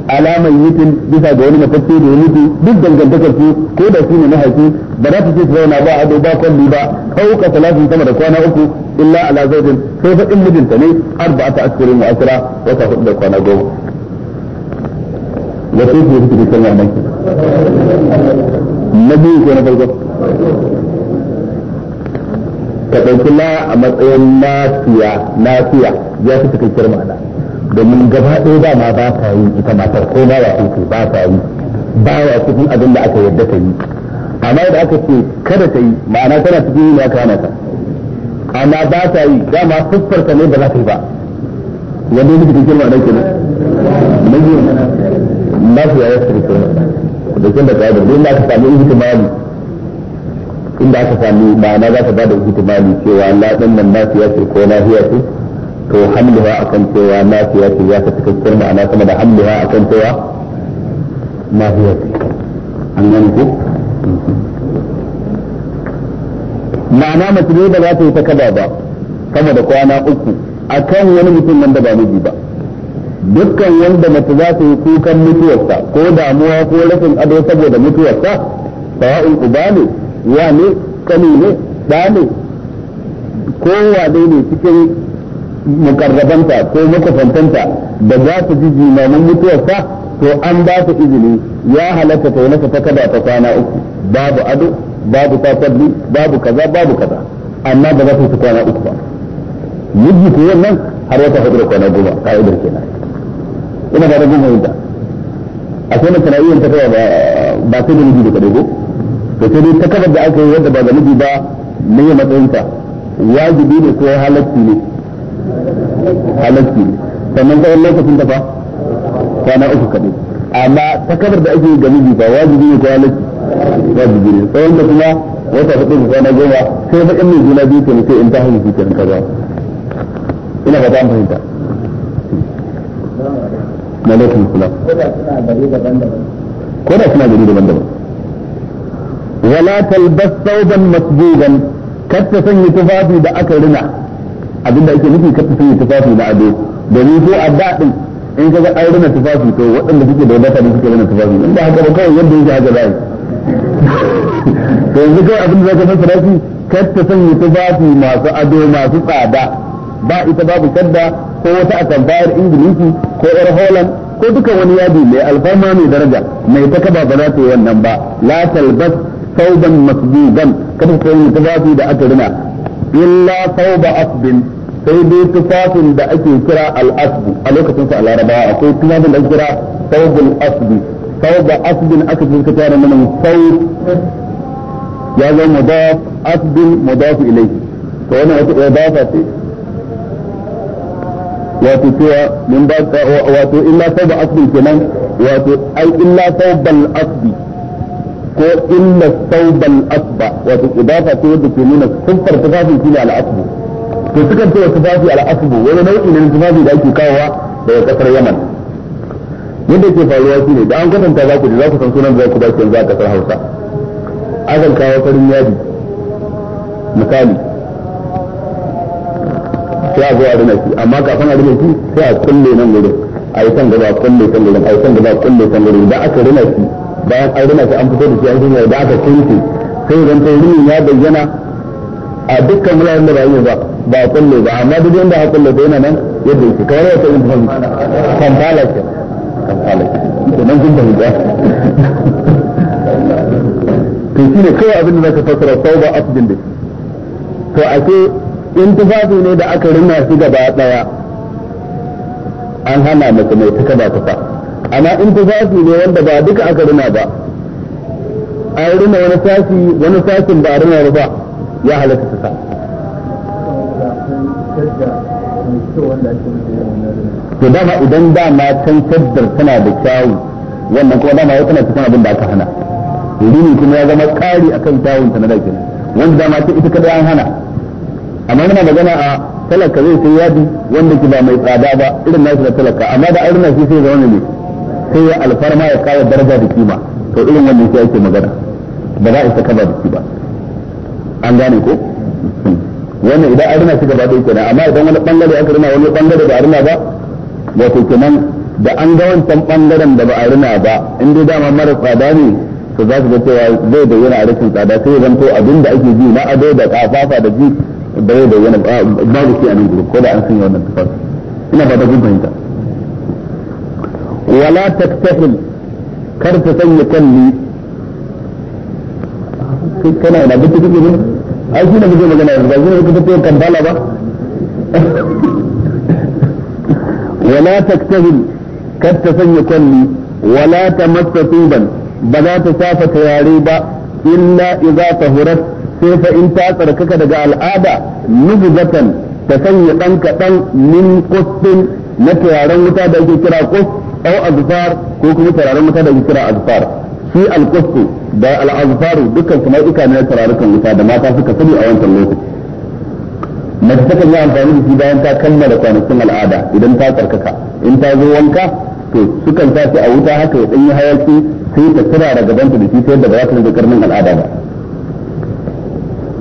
alamar yutin bisa ga wani matacce da ya mutu duk dangantakar su ko da su ne mahaifi ba za su ce su zauna ba ado ba kwalli ba kauka talatin sama da kwana uku illa ala zaujin sai faɗin mijinta ne arba'ata ashirin wa asira wata hudu da kwana goma da su su suke cikin wannan na biyu ko na farko ka ɗauki la a matsayin lafiya lafiya ya fi cikakkiyar ma'ana domin gaba ɗaya dama ba ta yi ita matar ko ba wa ce ba ta yi ba wa cikin abin da aka yadda ta yi amma da aka ce kada ta yi ma'ana tana cikin yin ya kama ta amma ba ta yi dama siffar ta ne ba za ta yi ba wanda yake cikin kirma da kenan yi ba su yaya su kirma da kin da ta yi da inda aka samu ihtimali inda aka samu ma'ana za ta ba da ihtimali cewa Allah dan nan nasu ya ce ko na lafiya ce to hamluha akan cewa na nafiya ce ya ta cikakkiyar ma'ana kuma da hamluha akan cewa nafiya ce an gani ko ma'ana mace ne ba za ta yi ta kaba ba sama da kwana uku akan wani mutum nan da ba miji ba dukkan wanda mace za ta yi kukan mutuwarsa ko damuwa ko rashin ado saboda mutuwarsa sawa'in uba ne ya ne kani ne ɗa ne kowa ne cikin mukarrabanta ko makwasantanta da za su ji jimamin mutuwarsa to an ba su izini ya halatta ta masa ta kada ta kwana uku babu ado babu takalli babu kaza babu kaza amma ba za su su kwana uku ba miji ko wannan har wata hudu da kwana goma ka'idar kenan ina ba da goma yadda a sai na kana iya ta kaba ba sai da miji da kadai ko to sai dai ta kada da aka yi wadda ba da miji ba ne matsayinta wajibi ne ko halatti ne halarci sannan tsawon lokacin ta fa kwana uku kaɗai amma takabar da ake ga miji ba wajibi ne ko halarci wajibi ne tsawon da kuma wata hudu da kwana goma sai ba ɗan mai juna biyu ke sai in ta hanyar shi kenan kaza ina ba ta an fahimta na lokacin kula ko da suna gari daban-daban wala talbas sauban masbuban kar ta sanya tufafi da aka rina abinda ake nufi kar ta sanya tufafi na ado domin ko a daɗin in ka ga aure na tufafi to waɗanda suke da wadata ne suke rana tufafi in ba haka ba kawai yadda yake haka zai to yanzu kai abinda da zaka fassara shi kar ta sanya tufafi masu ado masu tsada ba ita babu kadda ko wata atambayar ingilishi ko yar holland ko duka wani yadi mai alfarma mai daraja mai ta kaba ba za ta yi wannan ba la talbas sauban masbuban kada ta yi tufafi da aka rina illa sauba asbin sai dai tufafin da ake kira al-asbu a lokacin sa a larabawa akwai tufafin da ake kira saubul asbi sauba asbin aka fi ka tare mana saub ya zama mudaf asbin mudaf ilayhi to wannan wata idafa ce wato cewa min ba wato illa sauba asbin kenan wato ai illa saubal asbi ko illa saubal asba wato idafa ce wadda ke nuna kuffar tufafin shine al-asbu to sukan ce wasu bafi al'asubu wani nau'i na tufafi da ake kawowa daga kasar yaman yadda ke faruwa ne da an kwatanta za ku za ku san sunan da za ku ba ki za a kasar hausa akan kawo farin yadi misali sai a zo a rina shi amma kafin a rina shi sai a kulle nan gurin a yi kan gaba kulle kan gurin a yi kan gaba kulle kan gurin da aka rina shi bayan an rina shi an fito da shi an rina da aka kunce sai zan ta rini ya bayyana a dukkan mulayen da ba yi ba ba kullu ba amma duk inda haƙƙin kulle yana nan yadda yake kawai ya yin kan kamfala ke kamfala ke nan kun fahimta to shi ne kawai abin da zaka fassara sau ba asibin da to a ce in tufafi ne da aka rinna shi gaba daya an hana mace mai tuka da tuka amma in tufafi ne wanda ba duka aka rina ba an rina wani sashi wani sashin ba a rina ba ya halatta tuka to dama idan dama can shaddar tana da kyawu wannan kuma dama ya tana cikin abin da aka hana rini kuma ya zama ƙari akan kyawun ta na da kenan wanda dama ta ita kadai an hana amma muna magana a talaka zai sai yadi wanda ki ba mai tsada ba irin nasu da talaka amma da arna shi sai zama ne sai ya alfarma ya kawo daraja da kima to irin wannan shi ake magana ba za a isa kaba da ba an gane ko wannan idan arna shi gaba da kenan amma idan wani bangare aka rina wani bangare ba arna ba ba wato kenan da an ga wancan bangaren da ba arna ba in dai dama mara tsada ne to za su ga cewa zai da yana rashin tsada sai ya zanto abin da ake ji na ado da kafafa da ji da zai yana babu shi a nan gudu ko da an sanya wannan tufar ina ba da gudun fahimta wala taktahil kar ta sanya kalli kana da bincike ne ai shi ne muke magana yanzu ba shi ne kuka fito kampala ba wala taktahil kar ta sanya kwalli wala ta masa tuban ba za ta safa turare ba illa idza tahurat sai fa in ta tsarkaka daga al'ada nubzatan ta sanya dan kaɗan min qustin na turaren wuta da ake kira qus au azfar ko kuma turaren wuta da ake kira azfar shi alkustu da al'azfaru dukkan su nau'uka ne turarukan wuta da mata suka sani a wancan lokaci mace ta kan yi amfani da shi bayan ta kammala kwanakin al'ada idan ta tsarkaka in ta zo wanka to sukan sa a wuta haka ya danyi hayaki sai ta tura da gabanta da shi ta yadda ba za ta rinka karnin al'ada ba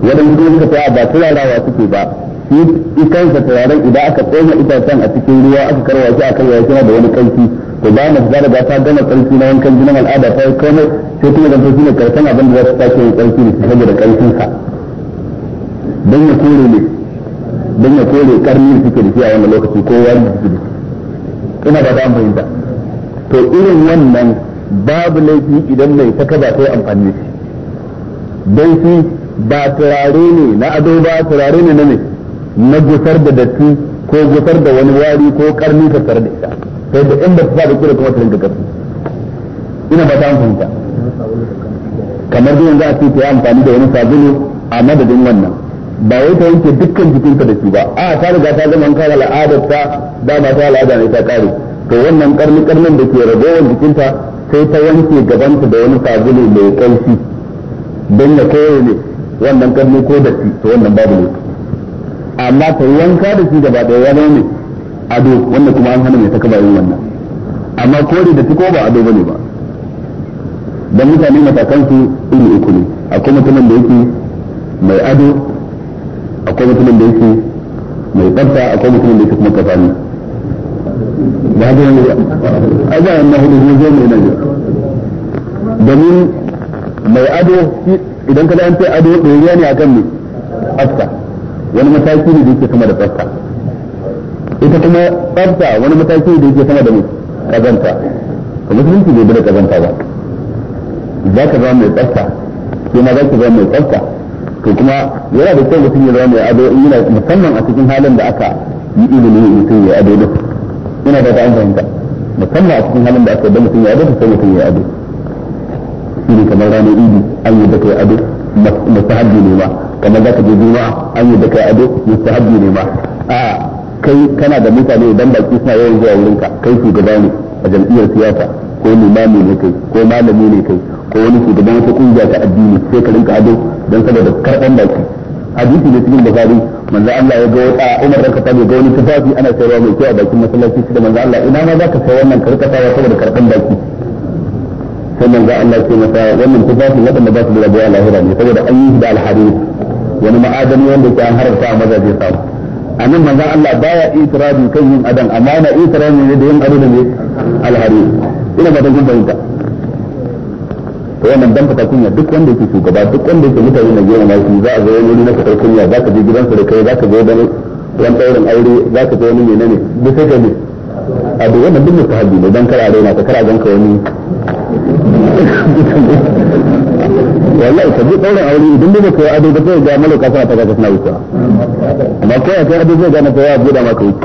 waɗanda kuma suka tsaya ba turarawa suke ba shi ikansa turaren idan aka tsoma itacen a cikin ruwa aka karwa shi a karwa shi da wani kanki to ba mu zara da ta gama karfi na wankan jinin al'ada ta yi komai sai kuma zan shi ne karfin abin da za su sake yin karfi ne saboda karfin sa don ya kore ne don ya kore karni suke da shi a wannan lokaci ko wani suke da shi ina ba ta da to irin wannan babu laifi idan mai saka ba sai amfani shi don shi ba turare ne na ado ba turare ne na ne na gusar da datti ko gusar da wani wari ko karni tattare da ita sai da inda ba da kira kuma ta rinka karfi ina ba ta fahimta kamar dai yanzu a ce ta yi amfani da wani sabulu a madadin wannan ba wai ta yanke dukkan jikinta da shi ba a ta riga ta zama kare al'adar ta dama ta al'ada ne ta kare to wannan karni karnin da ke ragowar jikinta sai ta wanke gabanta da wani sabulu mai kaifi don ya koyo ne wannan karni ko da shi to wannan babu ne amma ta wanka da shi gaba ɗaya ya ne ado wannan kuma an hana mai ta kaba yin wannan amma kore da tuko ba ado bane ba dan mutane matakan su iri uku ne akwai mutumin da yake mai ado akwai mutumin da yake mai tsafta akwai mutumin da yake kuma kafani ba ga yanzu a ga wannan hudu ne zai mai nan domin mai ado idan ka da an ce ado ɗoriya ne akan ne tsafta wani mataki ne da yake sama da tsafta ita kuma tsafta wani mataki da yake sama da mu kazanta ka musulunci bai bada kazanta ba za ka zama mai tsafta ke ma za ka zama mai tsafta to kuma yana da kyau mutum ya zama mai ado in yana musamman a cikin halin da aka yi ilimi mutum ya ado duk ina da ta an fahimta musamman a cikin halin da aka yi mutum ya ado sai mutum ya ado shi ne kamar ranar idi an yi da kai ado mustahabbi ne ma kamar za ka je juma'a an yi da kai ado mustahabbi ne ma a'a. kai kana da mutane idan baki suna yawan zuwa ka kai shugaba ne a jam'iyyar siyasa ko limami ne kai ko malami ne kai ko wani shugaban wata kungiya ta addini sai ka rinka ado don saboda karɓan baki hadisi ne cikin bukari manzo Allah ya ga wata Umar ranka ta ga wani tafafi ana sayarwa mai kyau a bakin masallaci da manzo Allah ina ma zaka sayar wannan karkatawa saboda karɓan baki sai manzo Allah ya ce masa wannan tufafi wadanda ba su da rabuwa lahira ne saboda an yi da alhari wani ma'adani wanda ke an ta a mazaje samu Amin manzon Allah baya itiradi kan yin adan amma na itiradi ne da yin ado da ne alhari ina ba ta kun fahimta to wannan dan fata kunya duk wanda yake shugaba duk wanda yake mutane na gona shi za a zo wani na fatar kunya za ka je gidansa da kai za ka zo da wani daurin aure za ka zo wani menene da sai ka ne a duk wannan duk mutahabbi ne dan kara a raina ka kara a ganka wani wallahi ka je daura aure idan ne baka yi ado ba zai ga malaka sa ta ga suna wuce amma ko ya kai ado zai ga na kowa abu da maka wuce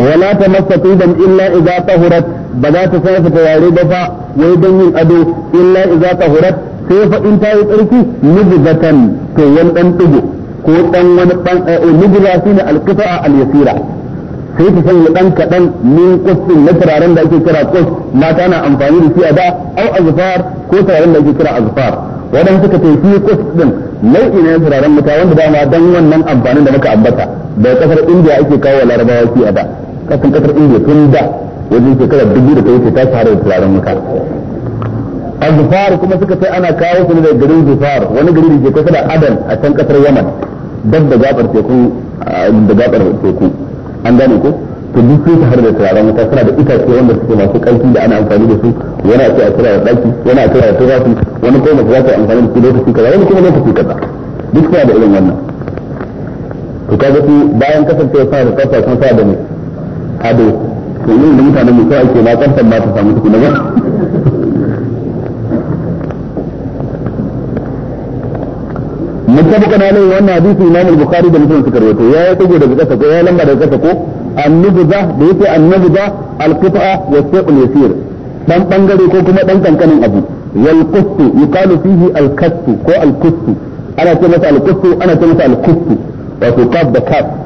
ولا تمس طيبا الا اذا طهرت بذا تصرف تواري دفا ويدن الادو الا اذا طهرت كيف انت يتركي نبذة تو ين دن تجو ko dan wani dan nubula shine alqita'a al-yasira sai ta sanya ɗan kaɗan min kusin na turaren da ake kira kus na na amfani da shi a da au azfar ko turaren da ake kira azfar wadan suka ce shi kus din nau'i ne turaren mata wanda dama dan wannan amfanin da muka ambata da kasar indiya ake kawo wa larabawa shi a da kasan kasar indiya tun da wajen shekarar dubu da ta wuce ta shahara da turaren mata azfar kuma suka ce ana kawo su daga garin zufar wani gari da ke kusa da adan a can kasar yaman dab da gabar teku da gabar teku an gane ko to duk ta har da turaren wuta suna da itace wanda suke masu ƙarfi da ana amfani da su wani a ce a da daki wani a tura a tura su wani kuma mace za ta amfani da su lokaci kaza wani kuma lokaci kaza duk suna da irin wannan to kaga su bayan kasancewa suna da tsafta sun sa da ne ado to yin da mutanen mu sai ake ma tsaftar ma ta samu tukuna ba mutabaqan alai wannan hadisi imam al-bukhari da muslim suka rawaito ya ya tago daga kasa ko ya lamba daga kasa ko an da yake an-nubza al dan bangare ko kuma dan kankanin abu wal qustu yuqalu fihi ko al-kustu ana ana ce masa da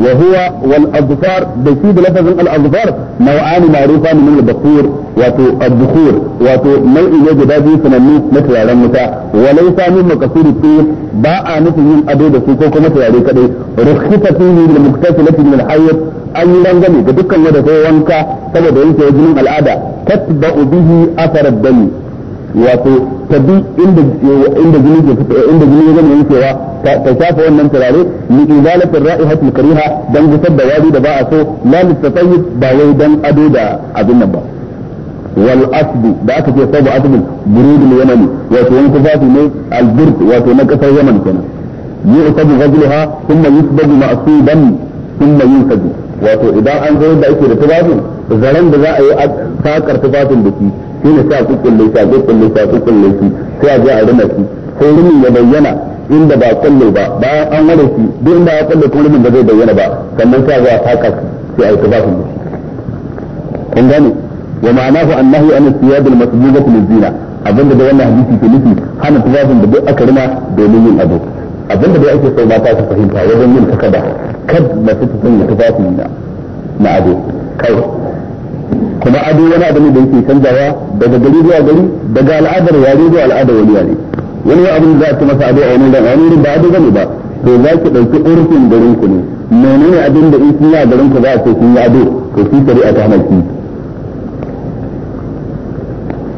وهو والأظفار بيفيد لفظ الأظفار نوعان معروفان من البخور واتو الدخور واتو نوع يجد هذه سنني مثل رمتا وليس من مقصود الطير باء مثل من أبو دسوكو كما تياري كده رخصة فيه للمكتسلة من الحيط an yi rangame ga dukkan wanda sai wanka saboda yanke jinin al'ada tatba'u bihi wato ta bi inda inda jini ke fita inda jini ya zama yankewa ta shafa wannan turare ni ibalatin ra'ihatul kariha dan gusar da wari da ba a so la litatayyib ba wai dan ado da abin nan ba wal asbi da aka ce sabu asbi burudul yamani wato wani tufafi ne al burd wato na kasar yaman kenan yu'tabu ghazluha thumma yusbadu ma'suban thumma yunsadu wato idan an zo da ake da tufafin zaren da za a yi sakar tufafin da shi shi ne sa ku sai a je a rina shi sai rinin ya bayyana inda ba kulle ba bayan an ware shi duk inda ya kuma ba zai bayyana ba sannan sai a zo a saka shi sai a yi da shi kun gane wa ma'anahu annahu an siyad al zina da wannan hadisi ke nufi hana tabafin da duk aka rina domin yin abu abinda da ake so mata su fahimta wajen yin takada kad masu ta sanya na ado kawai kuma ado wani abu ne da yake canzawa daga gari zuwa gari daga al'adar yare zuwa al'adar wani yare wani abu da za a ci masa ado a wani dan wani ba ado bane ba to za ki dauki urfin garin ku ne menene abin da in sun a garin ku za a ce kun yi ado to shi shari'a ta hana ki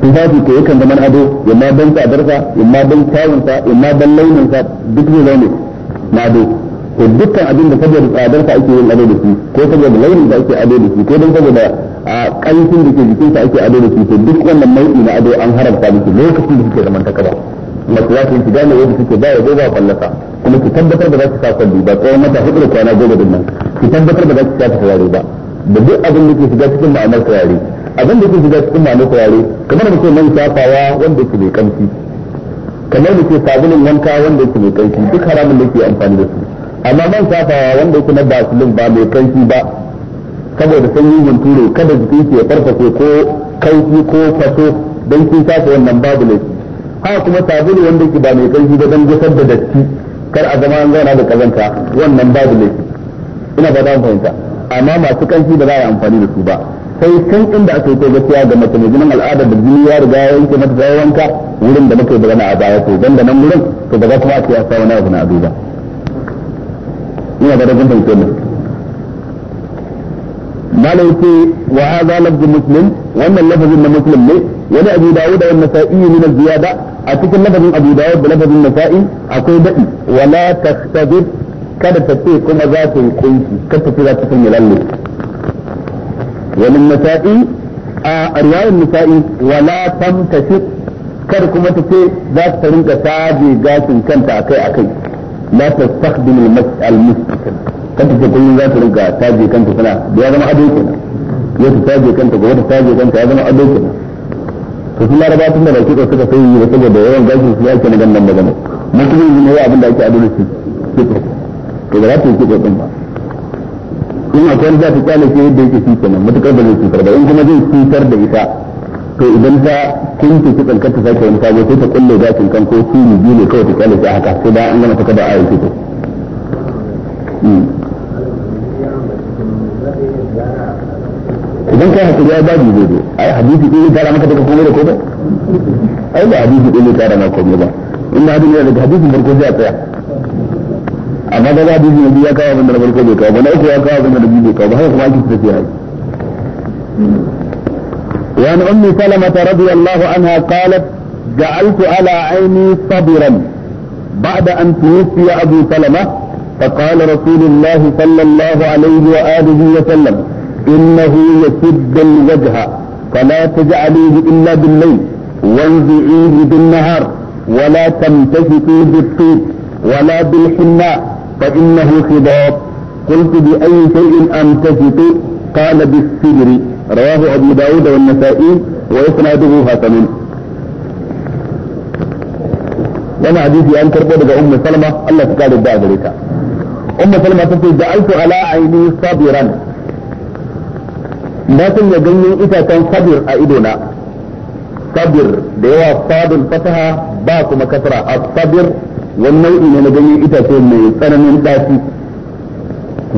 tufafi ko yakan zama ado ma ban tsadarsa ma ban kyawunsa ma ban launinsa duk zai zaune na ado to dukkan abin da saboda tsadarsa ake yin ado da shi ko saboda launin da ake ado da shi ko don saboda a ƙarfin da ke sa ake ado da shi to duk wannan mai'i na ado an haramta musu lokacin da suke zaman ta kaba wato za su yi gane yadda suke ba ya zo ba fallasa kuma ki tabbatar da za ki sa kwalli ba tsawon mata hudu kwana goma din nan ki tabbatar da za ki sa turare ba da duk abin da ke shiga cikin ma'amar turare abin da ke shiga cikin ma'amar turare kamar da ke man shafawa wanda ke mai kamshi kamar da ke sabulin wanka wanda ke mai kamshi duk haramun da ke amfani da su amma man shafawa wanda su na basilin ba mai kamshi ba saboda sanyin ture kada jikin ki ya farfashe ko kauki ko fato don kin shafa wannan babu laifi haka kuma sabulu wanda ke ba mai karfi ba don gusar da datti kar a zama an zauna da kazanta wannan babu laifi ina ba za mu fahimta amma masu karfi ba za a yi amfani da su ba sai kan inda aka yi gaskiya ga mace mai jinin al'adar da jini ya riga ya yanke mata ta wanka wurin da muke yi a baya to dan da nan wurin to ba za kuma a ce ya sa wani abu na duba ba ina ga rajin fahimta malai ce wa hadha lafzu muslim wannan lafazin na muslim ne wani abu dawud da nasa'i min al-ziyada a cikin lafazin abu dawud da lafazin nasa'i akwai dadi wala takhtabib kada ta ce kuma za ta yi kunci kada ta ce za ta sanya lalle wani nasa'i a riwayar nasa'i wala tamtashi kada kuma ta ce za ta rinka taje gashin kanta akai akai la tastakhdimul al-mustaqim kanta ce kullum za ta ta je kanta tana da ya zama ado kenan ya ta je kanta gobe ta je kanta ya zama ado kenan to su laraba tun da ba ko suka sai yi saboda yawan gashin su yake na gandan magana mutum yi ne abin da ake ado da shi to ba za ta yi kika din ba in akwai wani za ta kyale shi yadda yake shi kenan matukar ba zai cutar ba in kuma zai cutar da ita to idan ta ta kitsan kanta sake wani sabo sai ta kulle gashin kan ko su biyu ne kawai ta kyale shi haka sai da an gama ta kada a yi kito hmm. idan kai hakuri ya babu zai zo ai hadisi ɗin tara maka daga komai da komai ai ba hadisi ɗin tara maka komai ba inda hadin yana daga hadisin farko zai tsaya amma da hadisi ne ya kawo abin da na farko bai kawo ba na uku ya kawo abin da na biyu bai kawo ba haka kuma ake tafiya ai وعن أم سلمة رضي الله عنها قالت جعلت على عيني صبرا بعد أن توفي أبو سلمة فقال رسول الله صلى الله عليه وآله وسلم إنه يسد الوجه فلا تجعليه إلا بالليل وانزعيه بالنهار ولا تمتسكي بالطيب ولا بالحناء فإنه خضاب قلت بأي شيء أمتسك قال بالسجر رواه أبو داود والنسائي وإسناده حسن وما hadisi أن تربط أم سلمة الله Allah بعد ذلك أم سلمة تقول ummu على عيني صابرا na sanya ganyen itacen kabir a idona kabir da yawa fadin fasaha ba kuma kasra a kabir wani nau'i ne na ganyen itace mai tsananin dafi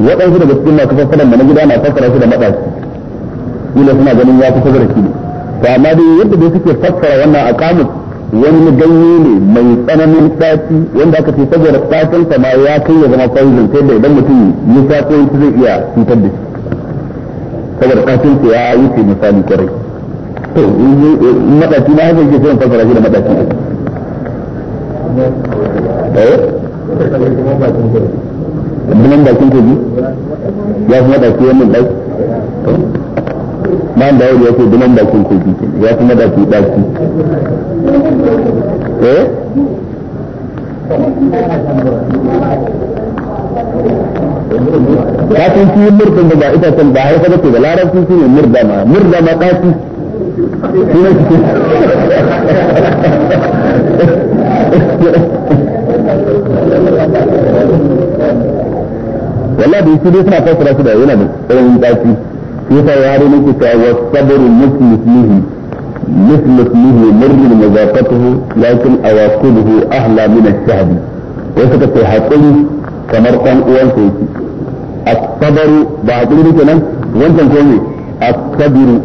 waɗansu daga cikin masu fassarar mana gida na fassara su da maɗaci ila suna ganin ya kusa zarafi ne to amma dai yadda dai suke fassara wannan a kamus wani ganye ne mai tsananin ɗaci wanda aka ce saboda ɗacin ma ya kai ya zama poison sai da idan mutum ya sa ko zai iya cutar da shi saboda kafirci ya yi ce misali kwarai to madaci na haka yake son fasara shi da madaci eh bunan bakin kogi ya fi madaci wannan daki ma da ya ce bunan bakin kogi ya fi madaci daki eh ka san shi murdin da ba ita can ba har kada ce da larabci shi ne murda ma murda ma kaci shi ne wallahi da shi dai suna fassara shi da yana da tsayin kaci shi ta yare nake ta wasabaru muslihi مثل اسمه مر مذاقته لكن أواقبه أحلى من الشهد وسكت kamar ɗan uwan sa a asabaru ba hakuri ne nan wancan ko ne asabiru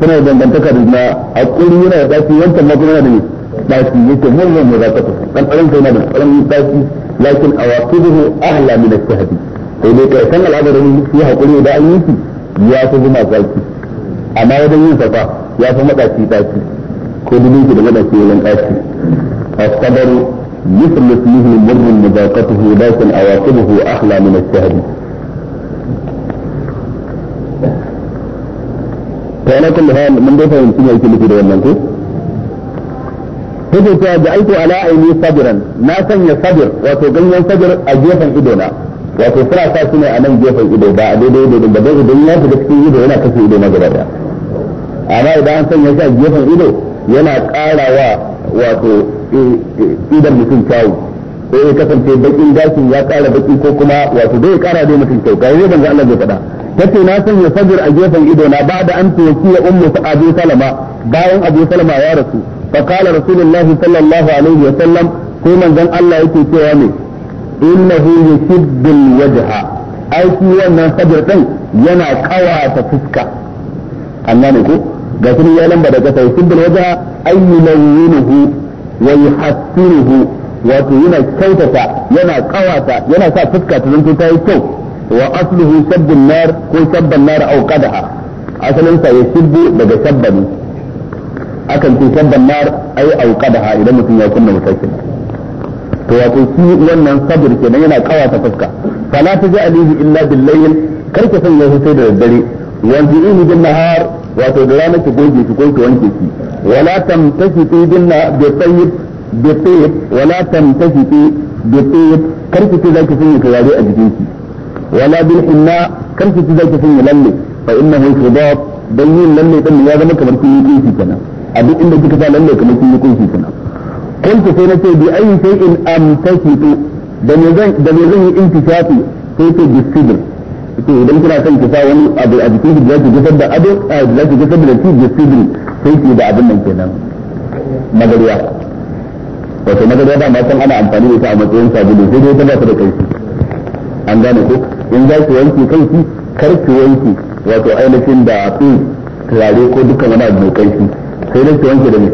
suna da dangantaka da a hakuri yana da dafi wancan ma kuma da ne dafi yake mulmul mu za ka tafi dan ɗan sai na da ɗan tsaki lakin awaqibuhu ahla min ash-shahadi sai dai kai san al'adarin shi hakuri da an yi shi ya fi zuma zaki amma wajen yin safa ya fi madaci tsaki ko dubi da madaci wajen a asabaru مثل مثله مر مذاقته لكن عواقبه أحلى من الشهد فعلى كل حال من دفع يمكن أن يكون كده wannan ko Kudu ta da aiko ala aini sabiran na sanya sabir wato ganyen sabir a gefen idona wato suna sa su ne a nan gefen ido ba a daidai ido ba dai idan ya fita cikin ido yana kashe ido na gaba amma idan an sanya shi a gefen ido yana ƙara wa wato idan mutum kyawu ko ya kasance bakin gashin ya kara baki ko kuma wato zai kara dai mutum kyau ga yadda Allah zai faɗa tace na san ya fajr a gefen ido na ba da an tuki ya ummu abu salama bayan abu salama ya rasu fa qala rasulullahi sallallahu alaihi wa sallam sai manzon Allah yake cewa ne innahu yusibbul wajha shi wannan fajr din yana kawata fuska Allah ne ko ga kuma ya lamba daga sai sibbul wajha ayyulawunuhu wa yuhassinuhu wato yana kyautata yana kawata yana sa fuska ta zanto ta yi kyau wa asluhu sabbin nar ko shabban nar au qadaha asalin sa ya shibbu daga shabban akan ce shabban nar ai au qadaha idan mutum ya kunna mutakin to wato shi wannan sabr kenan yana kawata fuska fala taj'alihi illa billayl karka sanya shi sai da daddare wanzi'ini bin nahar wato da ranar ki goge ki wanke ki wala tamtashiti bin na bi tayyib bi tayyib wala tamtashiti bi tayyib kar ki ce zaki sanya turare a jikin ki wala bil hinna kar ki ce zaki sanya lalle fa innahu shidab dan yin lalle din ya zama kamar kin yi kunshi a duk lalle kamar yi kunshi kenan kuntu na ce zan yi sai to idan kina son ki sa wani abu a jikin ki zaki gusar da ado a zaki gusar da ki gisidri sai ki da abin nan kenan magariya wato magariya da ma san ana amfani da ita a matsayin sabulu sai dai ta ba ta da kai an gane ko in za ki wanke kanki kar ki wanke wato ainihin da tsin turare ko dukkan wani abu mai kaifi sai dai ki wanke da ne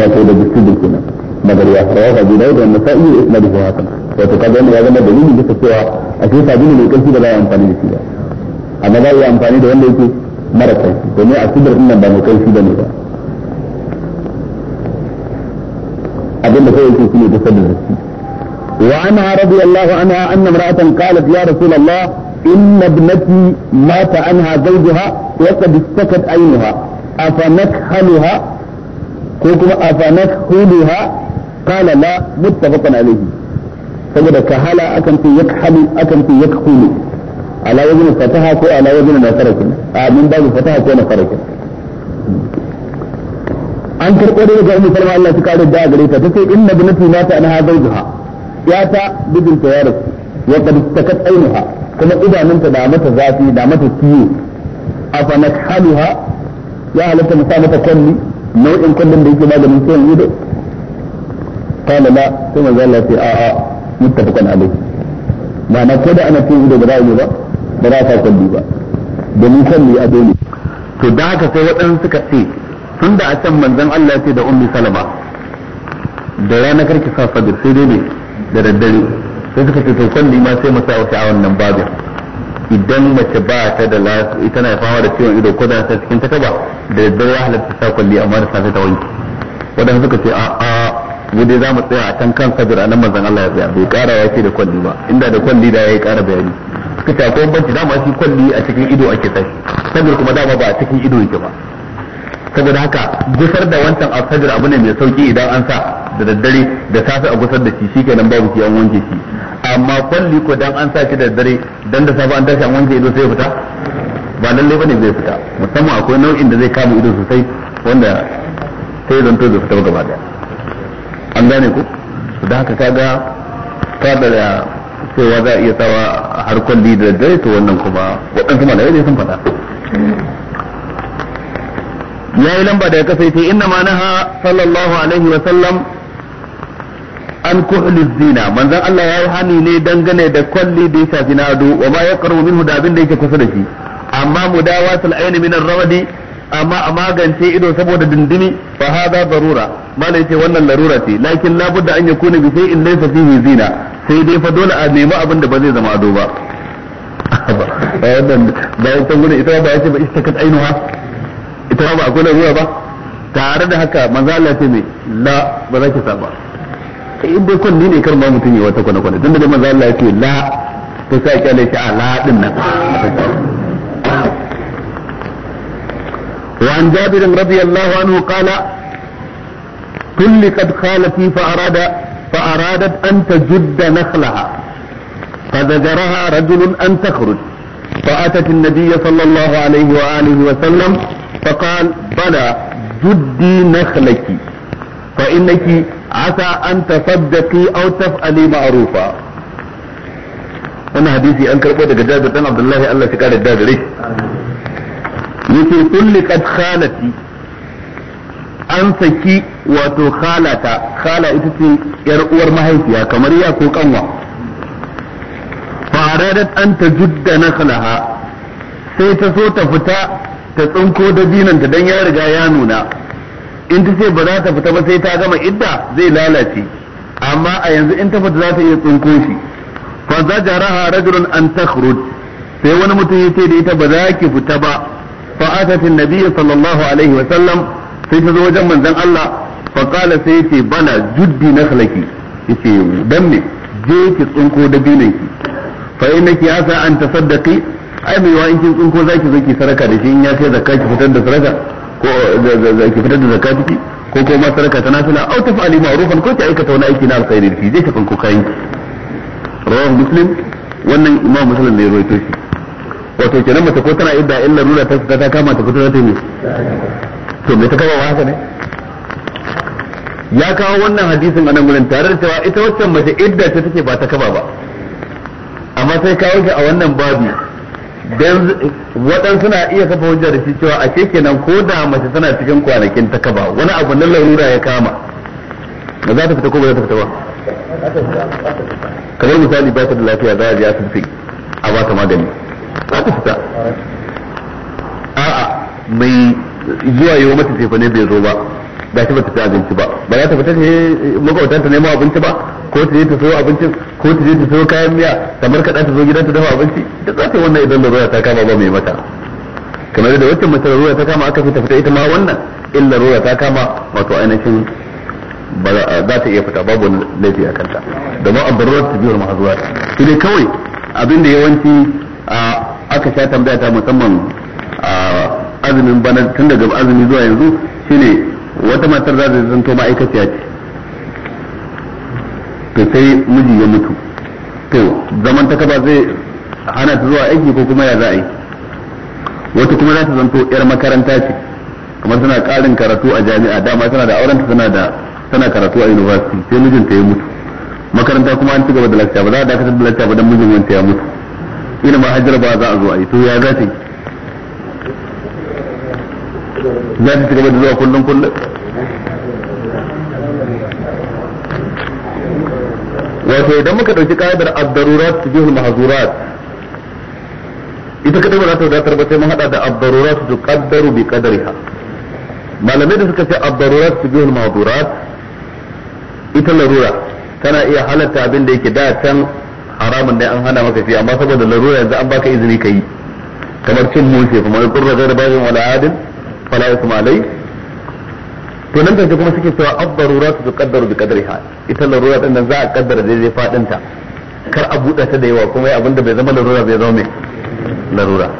wato da gisidri kenan magariya rawaha bi da wannan sa'i da ta hakan wato kaga wannan ya zama dalili bisa cewa a kai sabulu mai karfi da ba ya amfani da shi ba amma za a yi amfani da wanda yake mara karfi domin a kudar din nan ba mai karfi ba ne ba abin da kawai yake shi ne ta sabbin rashi wa anha radiyallahu anha anna imra'atan qalat ya rasulullah inna ibnati mata anha zawjuha wa qad istakat aynuha afanakhaluha ko kuma afanakhaluha qala la muttafaqan alayhi saboda kahala akan fi yakhalu akan fi yakhulu ala wajin fataha ko ala wajin nasara kin a min babu fataha ko nasara kin an karɓo da daga ummu salma Allah ta kare da gare ta tace inna binati ma ta anha zawjaha ya ta bidin ta yaro wa qad takat ainuha kuma idanunta da mata zafi da mata ciwo afa nakhaluha ya halatta mu mata kulli nau'in kullun da yake maganin ciwon ido قال لا ثم قال لك آه آه muttafaqan alayh ma'ana ko da ana cin ido ba za a yi ba ba za a sa kwalli ba domin kwalli a dole to da haka sai waɗansu suka ce tun da a can manzon Allah ya ce da ummi salama da rana karki sa fajr sai dai ne da daddare sai suka ce to kwalli ma sai masa wata a wannan babin idan mace ba ta da lafiya tana fama da ciwon ido ko da ta cikin takaba da daddare ya halatta sa kwalli amma da safe ta wanke wadanda suka ce a a mu dai za mu tsaya a can kan kadir nan manzon Allah ya tsaya bai kara ya ce da kwalli ba inda da kwalli da yayi kara bayani suka ce akwai banci dama shi kwalli a cikin ido ake sai fajar kuma dama ba a cikin ido yake ba saboda haka gusar da wancan fajar abu ne mai sauki idan an sa da daddare da safe a gusar da shi shikenan babu shi an wanke shi amma kwalli ko dan an sa shi da daddare dan da safe an tashi an wanke ido sai ya fita ba lalle bane zai fita musamman akwai nau'in da zai kama ido sosai wanda sai zanto zai fita gaba daya an gane ku da haka ga ta da cewa za a iya sawa har kwalli da dare to wannan kuma waɗansu malamai ne sun faɗa ya yi lamba ya kasai sai inna ma naha sallallahu alaihi wa sallam an kuhli zina manzan Allah ya yi hani ne dangane da kwalli da ya shafi na ado wa ma yaqrabu minhu da abin da yake kusa da shi amma mudawatul ayn min ar-rawdi amma a magance ido saboda dindimi fa hada darura malai ce wannan larura ce lakin labudda an yakuna bi shay'in laysa fihi zina sai dai fa dole a nemi abin da ba zai zama ado ba wannan bayan ta gudu ita ba ya ce ba istakat ainuha ita ba akwai larura ba tare da haka manzo Allah ce me la ba za ki saba in dai kunni ne kar ma mutum ya wata kwana kwana tun dai manzo Allah ya ce la to sai ya kyale shi a la din nan وعن جابر رضي الله عنه قال طلقت خالتي فأراد فأرادت أن تجد نخلها فزجرها رجل أن تخرج فأتت النبي صلى الله عليه وآله وسلم فقال بلى جدي نخلك فإنك عسى أن تصدقي أو تفعلي معروفا أنا حديثي أنكر karɓo جابر بن عبد الله Allah ya kare yace kulli khalati an saki wato khalata khala ita ce yar uwar mahaifiya kamar ya ko kanwa faradat an na nakhlaha sai ta so ta fita ta tsinko dabinanta dan ya riga ya nuna in ta ce ba za ta fita ba sai ta gama idda zai lalace amma a yanzu in ta fita za ta iya tsinko shi fa zajaraha rajulun an takhruj sai wani mutum ya ce da ita ba za ki fita ba فأتت النبي صلى الله عليه وسلم sai ta zo wajen manzon Allah fa qala sai yace bana juddi nakhlaki yace dan me je ki tsinko dabinin ki fa innaki asa an tasaddaqi ai mai wa in kin tsinko zaki zo ki saraka da shi in ya kai zakka ki fitar da saraka ko ki fitar da zakka ki ko saraka ta nafila au tafali ki aikata na aiki na alkhairi ki je ki ki rawahu muslim wannan imam muslim ya wato kenan mace ko tana idda illa nuna ta ta kama ta fito ta ne to me ta kama ba haka ne ya kawo wannan hadisin a nan gurin tare da cewa ita waccan mace idda ce take ba ta kaba ba amma sai kawo ki a wannan babu dan wadan suna iya kafa hujjar da shi cewa a ke kenan ko da mace tana cikin kwanakin ta kaba wani abu nan larura ya kama ba za ta fita ko ba za ta fita ba kamar misali ba ta da lafiya za a je asibiti a ba ta magani za ta fita a'a mai zuwa yau mata tefa ne bai zo ba ba ta bata abinci ba ba za ta fita ne makwabtan ta nema abinci ba ko ta je ta sayo abincin ko ta je ta sayo kayan miya kamar kaɗan ta zo gidan ta dafa abinci da za ta yi wannan idan larura ta kama ba mai mata kamar da waccan mace larura ta kama aka fita fita ita ma wannan in larura ta kama wato ainihin ba za ta iya fita babu wani laifi a kanta domin abdurar ta biyar mahazuwa shi ne kawai abin da yawanci aka sha tambaya ta musamman azumin bana tun daga azumi zuwa yanzu shine wata matar za ta zanto ma'aikaciya ce to sai miji ya mutu to zaman ta kaba zai hana ta zuwa aiki ko kuma ya za a yi wata kuma za ta zanto yar makaranta ce kamar tana karin karatu a jami'a dama tana da auren tana da tana karatu a university sai mijinta ya mutu makaranta kuma an ci gaba da lafiya ba za a dakatar da lafiya ba dan mijin wanta ya mutu ina ma hajjar ba za a zo a yi to ya za ta yi za ta cigaba da zuwa kullum kullum wato idan muka ɗauki ka'idar abdarurat su jihul mahazurat ita kadai ba za ta wadatar ba sai mun hada da abdarurat su kaddaru bi kadariha malamai da suka ce abdarurat su jihul mahazurat ita larura tana iya halatta abin da yake da can haramun ne an hana maka shi amma saboda larura yanzu an baka izini ka yi kamar cin mushe kuma ya kurra gaira bayan wala adin fala hukuma alai to nan tanke kuma suke cewa ad-darura su kaddaru bi ha ita larura ɗin nan za a kaddara daidai faɗinta kar a buɗe ta da yawa kuma abinda bai zama larura bai zama mai larura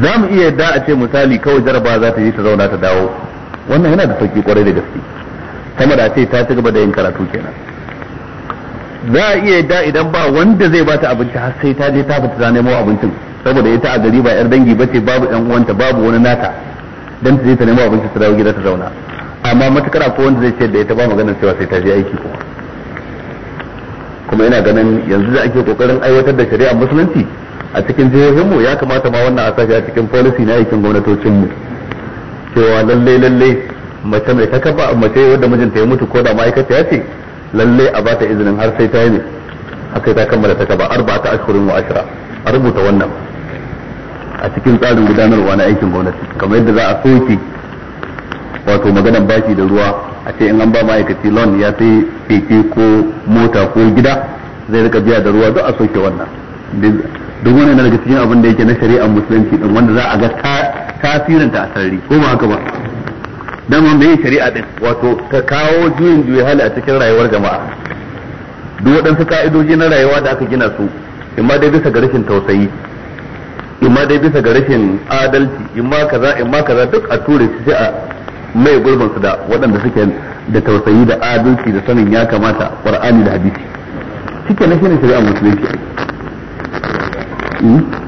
za mu iya yadda a ce misali kawai jaraba za ta yi ta zauna ta dawo wannan yana da sauki kwarai da gaske sama da ce ta ci gaba da yin karatu kenan za a iya yadda idan ba wanda zai bata abinci har sai ta je ta fita ta nemo abincin saboda ita a gari ba yar dangi ba ce babu ɗan uwanta babu wani nata dan ta je ta nemo abinci ta dawo gida ta zauna amma matukar akwai wanda zai ce da ita ba maganar cewa sai ta je aiki kuma kuma ina ganin yanzu da ake kokarin aiwatar da shari'a musulunci a cikin jihohinmu ya kamata ma wannan a sashi a cikin policy na aikin gwamnatocinmu cewa lallai lallai mace mai ta kafa mace wadda mijinta ya mutu ko da ma'aikata ya ce lalle a bata izinin har sai ta yi ne har sai ta kammala ta kaba arba ta ashirin wa ashira a rubuta wannan a cikin tsarin gudanarwa na aikin gwamnati kamar yadda za a soke wato maganan baki da ruwa a ce in an ba ma'aikaci loan ya sai keke ko mota ko gida zai rika biya da ruwa duk a soke wannan duk wani na daga cikin abin da yake na shari'ar musulunci din wanda za a ga tasirinta a sarari ko ba haka ba dama mai shari'a din wato ka kawo juyin juyi hali a cikin rayuwar jama'a duk waɗansu ka'idoji na rayuwa da aka gina su imma dai bisa ga rashin tausayi imma dai bisa ga rashin adalci imma kaza imma kaza duk a ture su sai a mai gurbin su da waɗanda suke da tausayi da adalci da sanin ya kamata qur'ani da hadisi shike na shine shari'a musulunci hmm?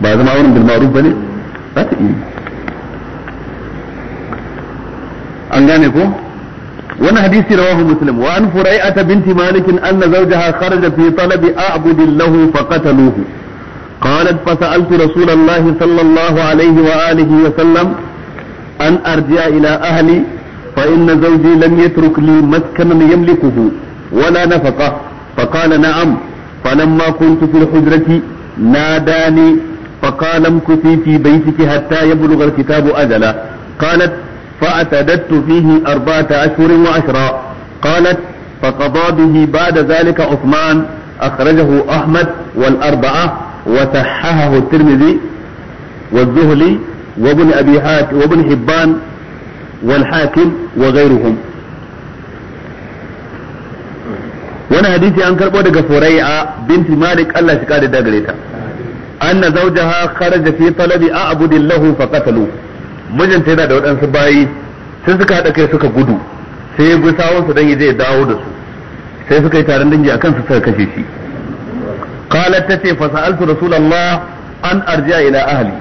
ba zama wani bil ma'ruf bane za ta iya an gane ko wani hadisi rawahu muslim wa an ata binti malik anna zawjaha kharaja fi talabi a'budillahu faqataluhu قالت sallallahu رسول wa صلى wa sallam an وسلم ila ahli fa أهلي فإن زوجي لم يترك لي مسكنا يملكه ولا نفقة فقال نعم فلما كنت في الحجرة ناداني فقال امكثي في بيتك حتى يبلغ الكتاب أجلا قالت فأتددت فيه أربعة أشهر وعشرا قالت فقضى به بعد ذلك عثمان أخرجه أحمد والأربعة وصححه الترمذي والزهلي وابن أبي حاتم وابن حبان والحاكم وغيرهم وانا حديثي عن كربو دقا فريعة بنت مالك الله shi دقا da anna zawjaha kharaja fi talabi a'budin lahu fa qatalu mijinta yana da waɗansu bayi sai suka haɗa kai suka gudu sai ya bi sawunsa dan yaje ya dawo da su sai suka yi taron dangi akan su suka kashe shi qalat tace fa sa'altu rasulullah an arji'a ina ahali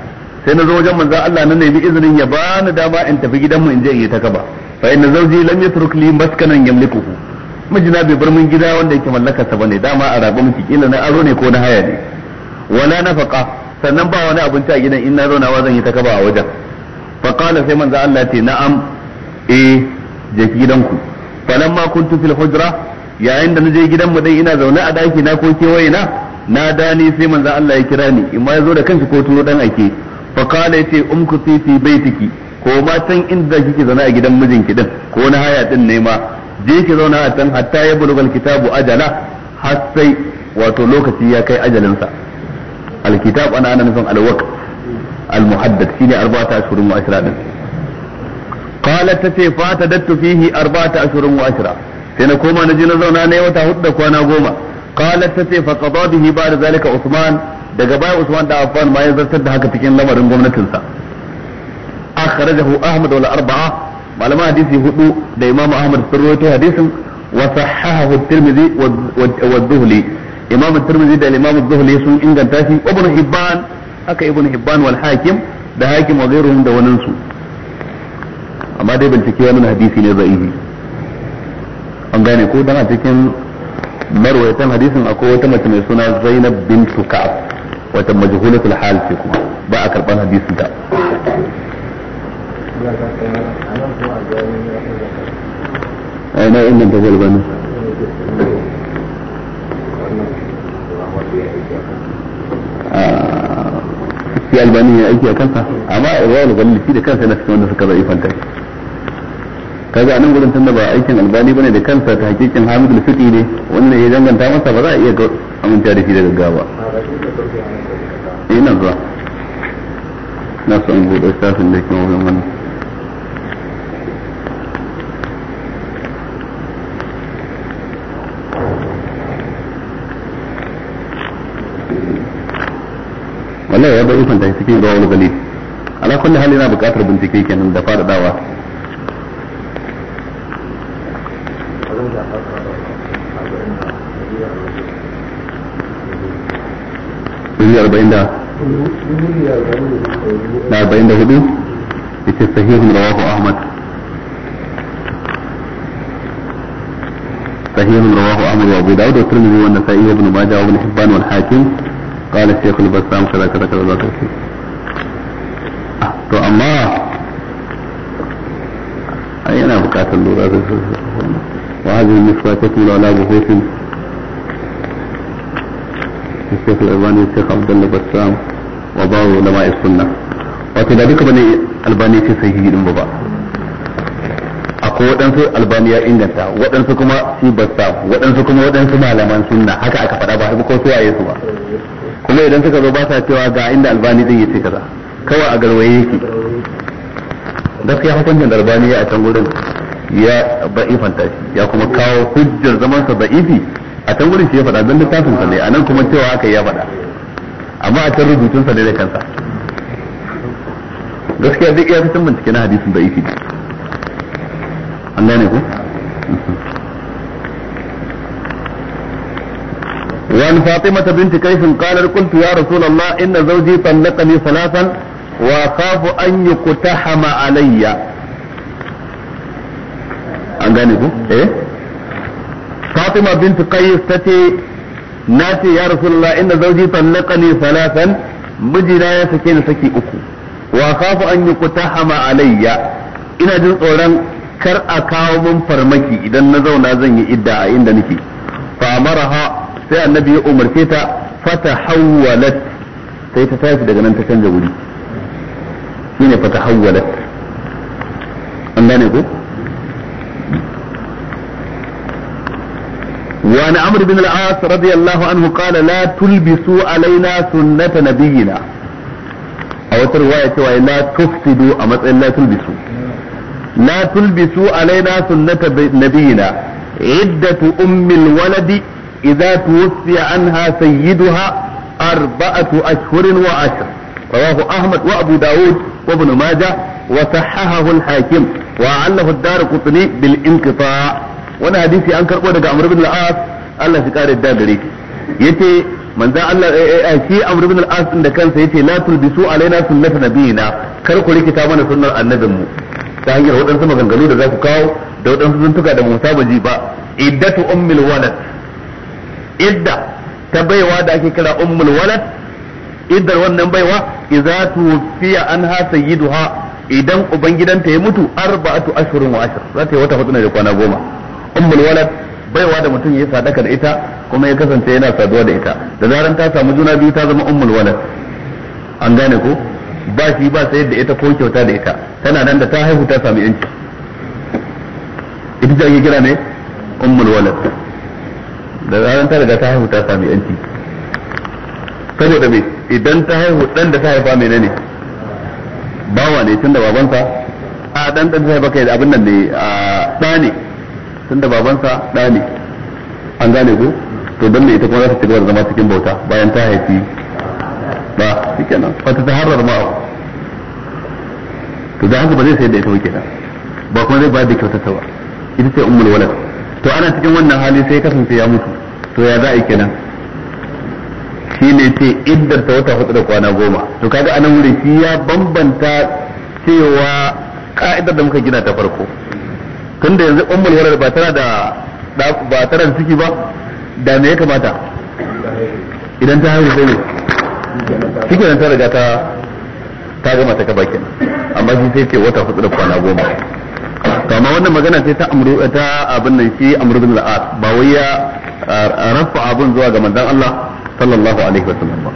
sai na zo wajen manzon Allah na nemi izinin ya bani dama in tafi gidanmu in je in yi ta kaba fa inna zawji lam yatruk li maskanan yamlikuhu mijina bai bar mun gida wanda yake mallakarsa bane dama a rabe miki kila na aro ne ko na haya ne wala nafaqa sannan ba wani abinci a gidan in na wa zan yi ta kaba a wajen fa qala sai manzo Allah ce na'am eh je ki gidanku ma kuntu fil hujra yayin da naje gidan mu dai ina zaune a daki na ko kewaye na na dani sai manzo Allah ya kira ni in ma yazo da kansa ko turo dan ake fa qala yace umkuti fi baitiki ko ma tan inda kike zaune a gidan mijinki din ko na haya din ne ma je ki zauna a can hatta ya bulugal kitabu ajala har sai wato lokaci ya kai ajalinsa alkitab ana ana nufin alwaq almuhaddath shine arba'ata ashhurun wa ashra din qalat tace fa tadattu fihi arba'ata ashhurun wa ashra sai na koma na je na zauna ne wata hudu da kwana goma qalat tace fa qada bihi ba'da zalika usman daga baya usman da affan ma ya zartar da haka cikin lamarin gwamnatinsa akhrajahu ahmad wal arba'a malama hadisi hudu da imam ahmad sun rawaito hadisin wa sahahahu at-tirmidhi wa imam at da imam az-zuhli sun inganta shi ibn hibban haka ibn hibban hakim da hakim wa ghayruhum da wannan su amma dai bincike ya nuna hadisi ne da'ifi an gane ko dan a cikin marwatan hadisin akwai wata mace mai suna Zainab bint Ka'ab wata majhulatul hal ce kuma ba karban hadisin ta ai na inganta shi albani ya aiki a kansa amma rawar da shi da kansa yana wanda suka ba aikin albani bane da kansa ta hakikin wannan ya danganta masa ba za a iya aminta da shi da gaggawa eh, ina zuwa na san da wallahi ya bai kwanta cikin ruwa wani gale ala kulli hali yana buƙatar bincike kenan da faɗaɗawa Dubu arba'in da arba'in da hudu ita sahihun rawahu Ahmad sahihun rawahu Ahmad wa Abu Dawud wa Tirmidhi wa Nasa'i wa Ibn Majah wa Ibn Hibban wal Hakim قال الشيخ البسام كذا كذا كذا yana bukatar lura da su wa hadhihi الشيخ الألباني الشيخ عبد الله بسام وبعض علماء السنة وكذلك بني الألباني في akwai waɗansu albani ya inganta waɗansu kuma shi basta waɗansu kuma waɗansu malaman sunna haka aka faɗa ba ko su waye su ba kuma idan suka zo ba sa cewa ga inda albani din yace kaza kawai a garwaye yake gaskiya hukuncin albani a can gurin ya da'ifanta shi ya kuma kawo hujjar zaman sa ba'ifi a can gurin shi ya faɗa don littafin sa ne anan kuma cewa aka ya faɗa amma a can rubutun sa ne da kansa gaskiya duk ya fi bincike na hadisin ba'ifi an gane ku وعن فاطمة بنت كيف قالت قلت يا رسول الله إن زوجي طلقني ثلاثا وأخاف أن يقتحم علي أنجانبه إيه فاطمة بنت قيس تتي ناتي يا رسول الله إن زوجي طلقني ثلاثا مجنا يا سكين سكي أكو وأخاف أن يقتحم علي ina jin tsoron kar a kawo mun farmaki idan na zauna zan yi idda a inda nake fa amaraha sai annabi ya umarce ta fatahawwalat sai ta tashi daga nan ta canza wuri shine fatahawwalat an gane ko وعن عمرو بن العاص رضي الله عنه قال لا تلبسوا علينا سنة نبينا أو رواية لا تفسدوا أما لا تلبسوا لا تلبسوا علينا سنة نبينا عدة أم الولد إذا توفي عنها سيدها أربعة أشهر وعشر رواه أحمد وأبو داود وابن ماجة وصححه الحاكم وعله الدار قطني بالانقطاع وانا حديثي أنكر قد عمرو بن العاص الله سكار الدار يتي من ذا الله شي عمرو بن العاص عند كان سيتي لا تلبسوا علينا سنة نبينا kar ku rikita mana sunnar annabin mu ta hanyar waɗansu maganganu da za ku kawo da waɗansu zuntuka da mu saba ji ba iddatu ummil walad idda ta baiwa da ake kira ummul walad iddar wannan baiwa idza tufiya anha sayyiduha idan ubangidanta ya mutu arba'atu ashhurun wa ashr za ta yi wata hudu da kwana goma ummul walad baiwa da mutum ya sadaka da ita kuma ya kasance yana saduwa da ita da zaran ta samu juna biyu ta zama ummul walad an gane ko ba shi ba sai da ita ko kyauta da ita tana nan da ta haihu ta sami yanki ita ake kira ne ummul walad da zaran ta riga ta haihu ta sami yanci saboda me idan ta haihu dan da ta haifa menene bawa ne tun da babansa a dan dan ta haifa kai abin nan ne a da ne da babansa da ne an gane ko to dan ne ita kuma za ta ci gaba da zama cikin bauta bayan ta haifi ba shikenan ba ta ma ma'a to da haka ba zai sayar da ita ba ba kuma zai bayar da kyautar ta ba ita ce ummul walad to ana cikin wannan hali sai kasance ya mutu to ya za a yi kenan shi ne ce iddar ta wata hudu da kwana goma to kaga anan wuri shi ya bambanta cewa ka'idar da muka gina ta farko tunda yanzu ummul warar ba tana da ba tana da ciki ba da me ya kamata idan ta haihu sai shi kenan ta riga ta ta gama ta kaba kenan amma shi sai ce wata hudu da kwana goma to amma wannan magana sai ta amru ta abin nan shi amru bin al-as ba wai ya rafa abin zuwa ga manzon Allah sallallahu alaihi wasallam ba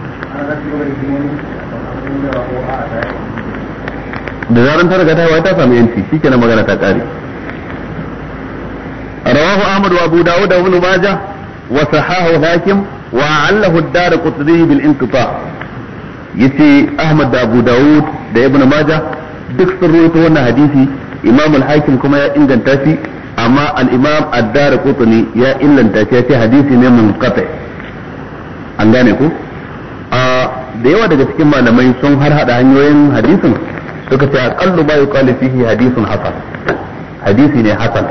da zaran ta riga ta wai ta samu yanci shikenan magana ta kare rawahu ahmad wa abu dawud wa ibn majah wa sahahu hakim wa allahu ad-darqutni bil inqita yace ahmad da abu da ibn duk sun wannan hadisi imam al-hakim kuma ya inganta shi amma al-imam ad-dar ya illanta shi ya ce hadisi ne munqati an gane ku a da yawa daga cikin malamai sun har hada hanyoyin hadisin suka ce aqallu ma yuqalu fihi hadisun hasan hadisi ne hasan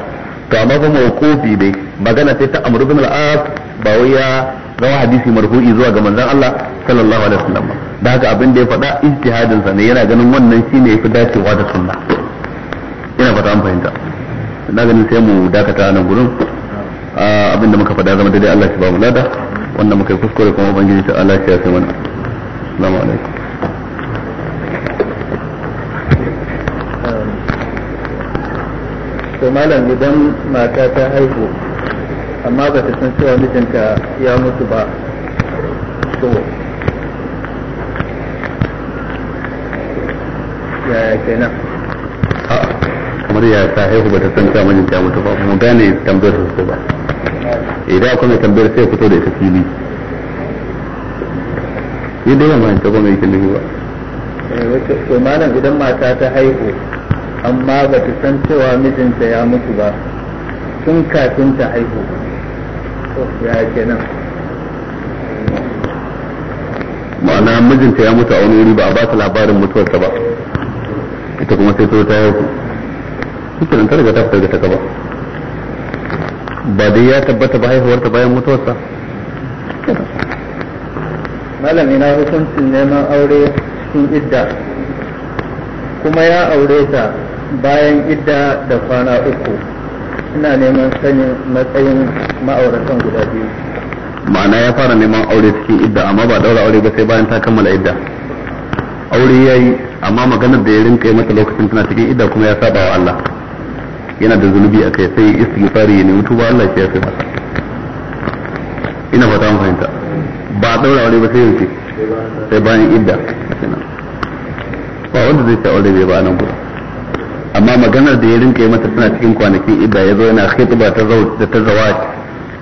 to amma ba mawqufi dai magana sai ta amru bin al-as ba wai ya rawa hadisi marfu'i zuwa ga manzon Allah sallallahu alaihi wasallam da haka abin da ya faɗa ijtihadin sa ne yana ganin wannan shine yafi dacewa da sunna ina fata an fahimta na ganin sai mu dakata nan gurin abinda muka faɗa zama daidai Allah shi ba mu lada wanda muka yi kuskure kuma ubangiji ta Allah shi ya sai mana assalamu alaikum to malam idan mata ta haihu amma ba ta san cewa mijinta ya mutu ba to yaya kenan kamar ya ta haihu ta san ta mijin ta mutu ba mu gane tambayar su ba idan eh, akwai tambayar sai fito da ita fili yi da yamma ta kuma yake lihi ba eh, to malam idan mata ta haihu amma ba ta san cewa mijinta ya mutu ba tun kafin ta haihu ya ya kenan ma'ana mijinta ya mutu a wani wuri ba a ba ta labarin mutuwarsa ba ita kuma sai ta haihu cikin ta riga ta fita ta gaba ba dai ya tabbata ba haihuwarta bayan mutuwarsa malami na hukuncin neman aure cikin idda kuma ya aure ta bayan idda da kwana uku ina neman sanin matsayin ma'auratan guda biyu ma'ana ya fara neman aure cikin idda amma ba daura aure ba sai bayan ta kammala idda aure yayi amma maganar da ya rinka yi mata lokacin tana cikin idda kuma ya saba wa Allah yana da zunubi a kai sai istighfari ya nemi tuba Allah ya fi masa ina fata mun fahimta ba a daura aure ba sai yanzu sai bayan idda ba wanda zai ta aure bai ba nan gudu amma maganar da ya rinka yi mata tana cikin kwanakin idda ya zo yana khitba ta da ta zawaj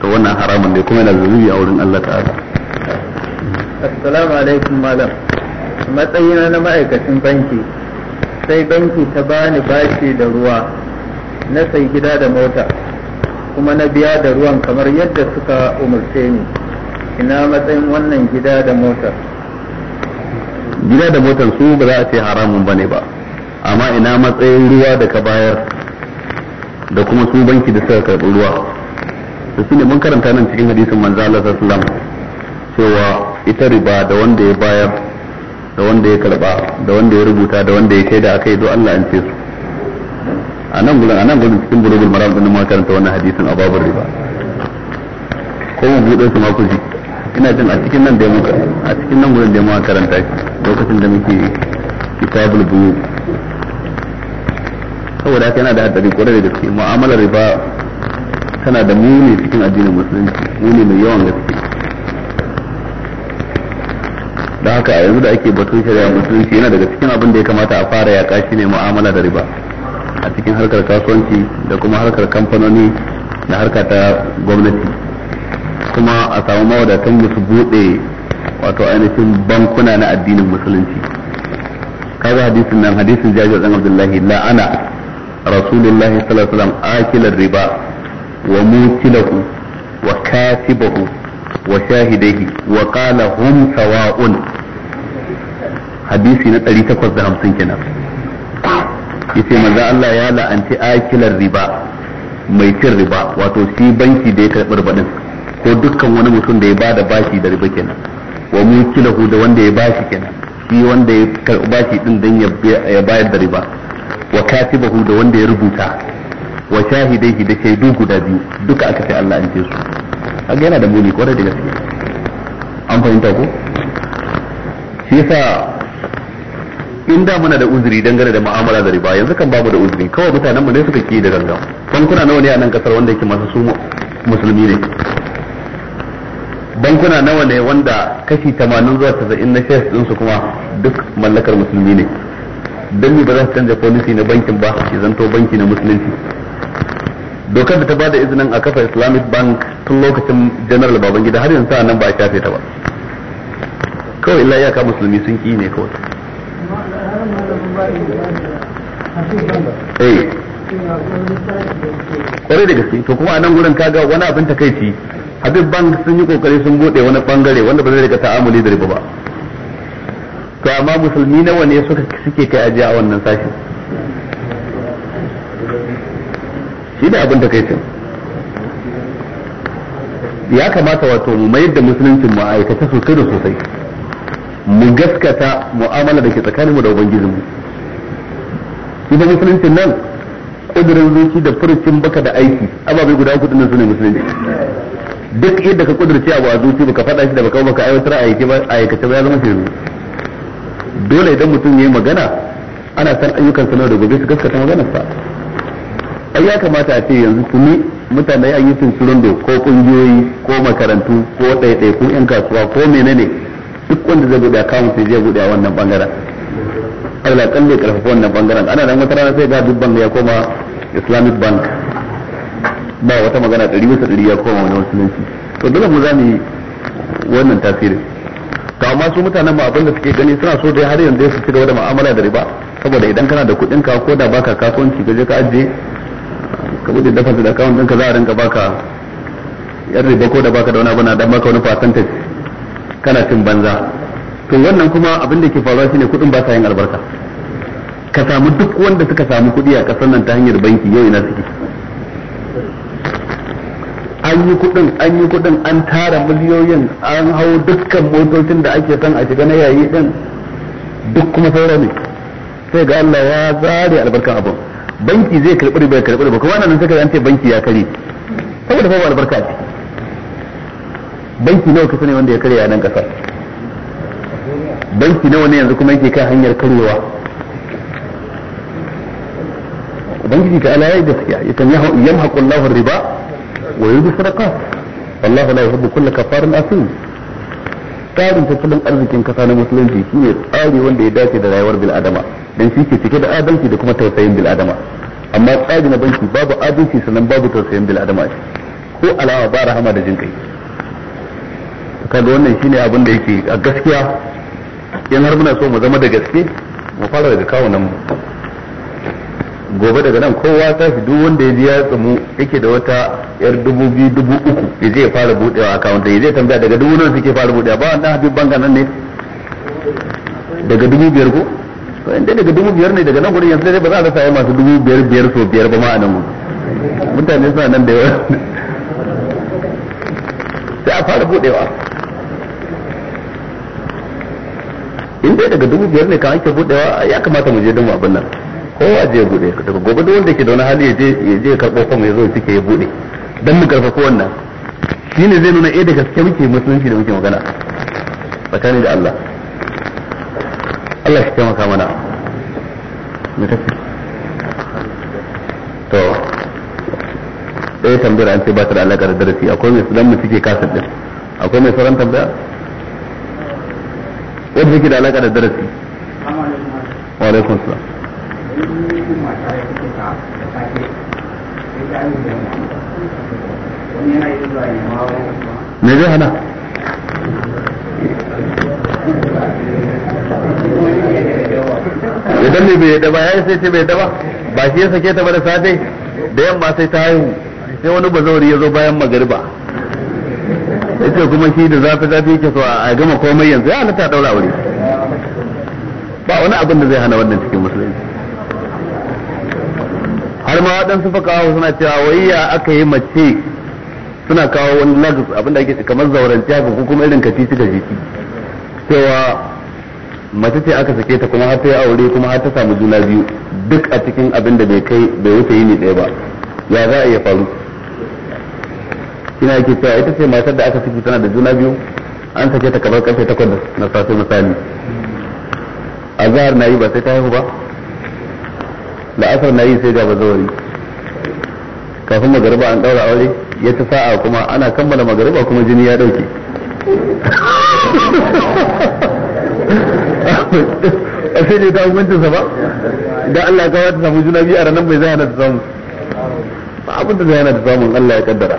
to wannan haramun ne kuma yana zunubi a wurin Allah ta'ala assalamu alaikum malam matsayina na ma'aikacin banki sai banki ta bani bashi da ruwa na sai gida da mota kuma na biya da ruwan kamar yadda suka umarce ni ina matsayin wannan gida da motar gida da motar su ba za a ce haramun bane ba amma ina matsayin ruwa da ka bayar da kuma su banki da suka karɓi ruwa da su ne mun karanta nan cikin hadisin manzo Allah sallallahu alaihi wasallam cewa ita riba da wanda ya bayar da wanda ya karba da wanda ya rubuta da wanda ya shaida akai do Allah an ce su a nan gudun a nan cikin burugul maram din ma karanta wannan hadisin a babu riba ko mu bude su ma kuji ina jin a cikin nan da muka a cikin nan gurin da muka karanta shi lokacin da muke kitabul buyu saboda haka yana da hadari kwarai da gaske mu'amalar riba tana da muni cikin addinin musulunci muni mai yawan gaske da haka a yanzu da ake batun shari'a musulunci yana daga cikin abin da ya kamata a fara yaƙa ne mu'amala da riba a cikin harkar kasuwanci da kuma harkar kamfanoni da harka ta gwamnati kuma a samu mawadatan musu buɗe wato ainihin bankuna na addinin musulunci kaga hadisin nan hadisin jabir dan abdullahi la'ana rasulullahi sallallahu alaihi wasallam akilar riba wa mutilahu wa kasibahu wa shahidaihi wa qala hum sawa'un hadisi na 850 kenan yace manzo Allah ya la'anci akilar riba mai cin riba wato shi banki da ya karɓi riba ko dukkan wani mutum da ya bada bashi da riba kenan wa mukilahu da wanda ya bashi kenan shi wanda ya karbi bashi din dan ya bayar da riba wa katibahu da wanda ya rubuta wa shahidaihi da shaidu guda biyu duka aka ce Allah an ce su kaga yana da muni kwarai da gaske an fahimta ko shi yasa in da muna da uzuri dangane da mu'amala da riba yanzu kan babu da uzuri kawai mutanen mu ne suka ke da ganga bankuna nawa ne a nan kasar wanda yake masu su musulmi ne bankuna nawa ne wanda kashi 80 zuwa 90 na shares din su kuma duk mallakar musulmi ne dan ba za su canza policy na bankin ba ya zanto banki na musulunci dokar da ta ba da izinin a kafa islamic bank tun lokacin general babangida har yanzu a nan ba a shafe ta ba kawai illa iyaka musulmi sun ki ne kawai eh kwarai da gaske to kuma a nan gurin kaga wani abin takaici habib bank sun yi kokari sun bude wani bangare wanda ba zai rika ta'amuli da riba ba to amma musulmi nawa ne suka suke kai ajiya a wannan sashi shi da abin takaicin ya kamata wato mu mayar da musuluncin mu aikata sosai da sosai mu gaskata mu'amala da ke tsakaninmu da ubangijinmu shi ba musulunci nan kudurin zuci da furucin baka da aiki ababai guda uku dinnan sune musulunci duk yadda ka kudurci a a zuci baka faɗa shi da baka baka aiwatar a aikace ba ya zama shi dole idan mutum ya yi magana ana san ayyukan sa da gobe su gaskata magana sa ai ya kamata a ce yanzu ne mutane ya yi sunsurundo ko kungiyoyi ko makarantu ko ɗaiɗaiku 'yan kasuwa ko menene duk wanda zai buɗe kama sai zai buɗe a wannan bangaren alal kalle karfafa wannan bangaren ana nan wata rana sai ga dubban ya koma islamic bank ba wata magana ɗari bisa ɗari ya koma wani musulunci to dole mu zani yi wannan tasirin to amma su mutanen mu abinda da suke gani suna so dai har yanzu su ci gaba da mu'amala da riba saboda idan kana da kuɗin ka ko da baka kasuwanci ka je ka ajiye ka bude dafa da account ɗinka za a rinka baka yar riba ko da baka da wani abu na dan baka wani percentage kana cin banza to wannan kuma abin da ke faruwa shine kuɗin ba sa yin albarka ka samu duk wanda suka samu kuɗi a ƙasar nan ta hanyar banki yau ina suke an yi kuɗin an yi kuɗin an tara miliyoyin an hau dukkan motocin da ake son a shiga na yayi din duk kuma saura ne sai ga Allah ya zare albarkan abin banki zai karbi riba karbi ba riba kuma nan suka an ce banki ya kare saboda ba albarka ce banki nawa kasa ne wanda ya kare a nan ƙasar banki nawa ne yanzu kuma yake kai hanyar karyewa ubangiji ta ala yayi gaskiya yakan yamhaqu Allahu riba wa yurbi sadaqat wallahu la yuhibbu kulla kafarin asim tsarin tattalin arzikin kasa na musulunci ne tsari wanda ya dace da rayuwar bil adama dan shi ke cike da adalci da kuma tausayin bil adama amma tsari na banki babu adalci sannan babu tausayin bil adama ko alawa ba rahama da jin kai kaga wannan shine abin da yake a gaskiya Yan har muna so mu zama da gaske mu fara daga kawunan mu gobe daga nan kowa fi duk wanda ya biya tsamu yake da wata yar dubu biyu dubu uku ya zai fara budewa kawunta ya zai tambaya daga dubu nan suke fara budewa ba wannan habib banga nan ne daga dubu biyar ko to inda daga dubu biyar ne daga nan gudun yanzu zai ba za a rasa masu dubu biyar biyar so biyar ba ma a nan mutane suna nan da yawa sai a fara budewa in dai daga dubu biyar ne kan ake budewa ya kamata mu je don abin nan ko a je bude daga gobe da wanda ke da wani hali ya je ya je karɓo kuma ya zo ya cike ya bude dan mu ko wannan shine zai nuna eh daga gaske muke musulunci da muke magana tsakani da Allah Allah shi taimaka mana mu tafi to ɗaya tambayar an ce ba ta da alaƙa da darasi akwai mai sunan mu cike kasar din akwai mai sauran tambaya wanda yake da alaka da darasi wa sa. me zai hana idan ne bai yadda ba ya sai ce bai yadda ba ba shi ya sake ta ba da safe da yamma sai ta haihu sai wani bazawari ya zo bayan magariba yace kuma shi da zafi zafi yake so a gama komai yanzu ya halatta daura aure ba wani abin da zai hana wannan cikin musulunci har ma waɗansu fa kawo suna cewa wai ya aka yi mace suna kawo wani lagus abin da ake kamar zaurance haka ko kuma irin kaci da jiki cewa mace ce aka sake ta kuma har ta yi aure kuma har ta samu juna biyu duk a cikin abin da bai kai bai wuce yini ɗaya ba ya za a iya faru shine ake cewa ita ce matar da aka fito tana da juna biyu an sake ta kamar karfe takwas na safe misali azhar na yi ba sai ta haihu ba asar na yi sai ga bazawari kafin magariba an daura aure ya ta sa'a kuma ana kammala magariba kuma jini ya dauke a sai ne ta hukuncinsa ba da Allah ya kawo ta samu juna biyu a ranar mai zai na ta samu ba abin da zai yana ta samun Allah ya kaddara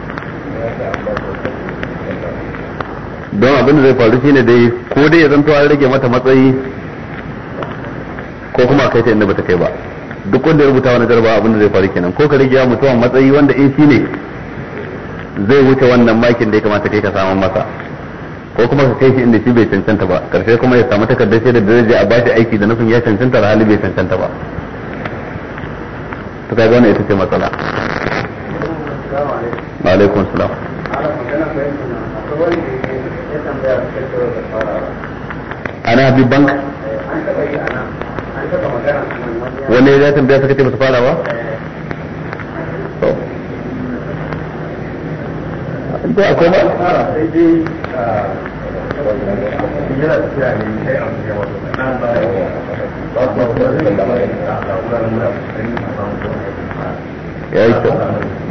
don abin da zai faru shine dai ko dai ya zanto an rage mata matsayi ko kuma kai ta inda bata kai ba duk wanda ya rubuta wani jarba abin da zai faru kenan ko ka rage ya mutuwa matsayi wanda in shine zai wuce wannan makin da ya kamata kai ka samu masa ko kuma ka kai shi inda shi bai cancanta ba karshe kuma ya samu takardar shaidar da zai a bashi aiki da nufin ya cancanta da hali bai cancanta ba to kaga wannan ita ce matsala wa salam ana bi bank ya tambaya suka ce masu farawa da akwai ba ya yi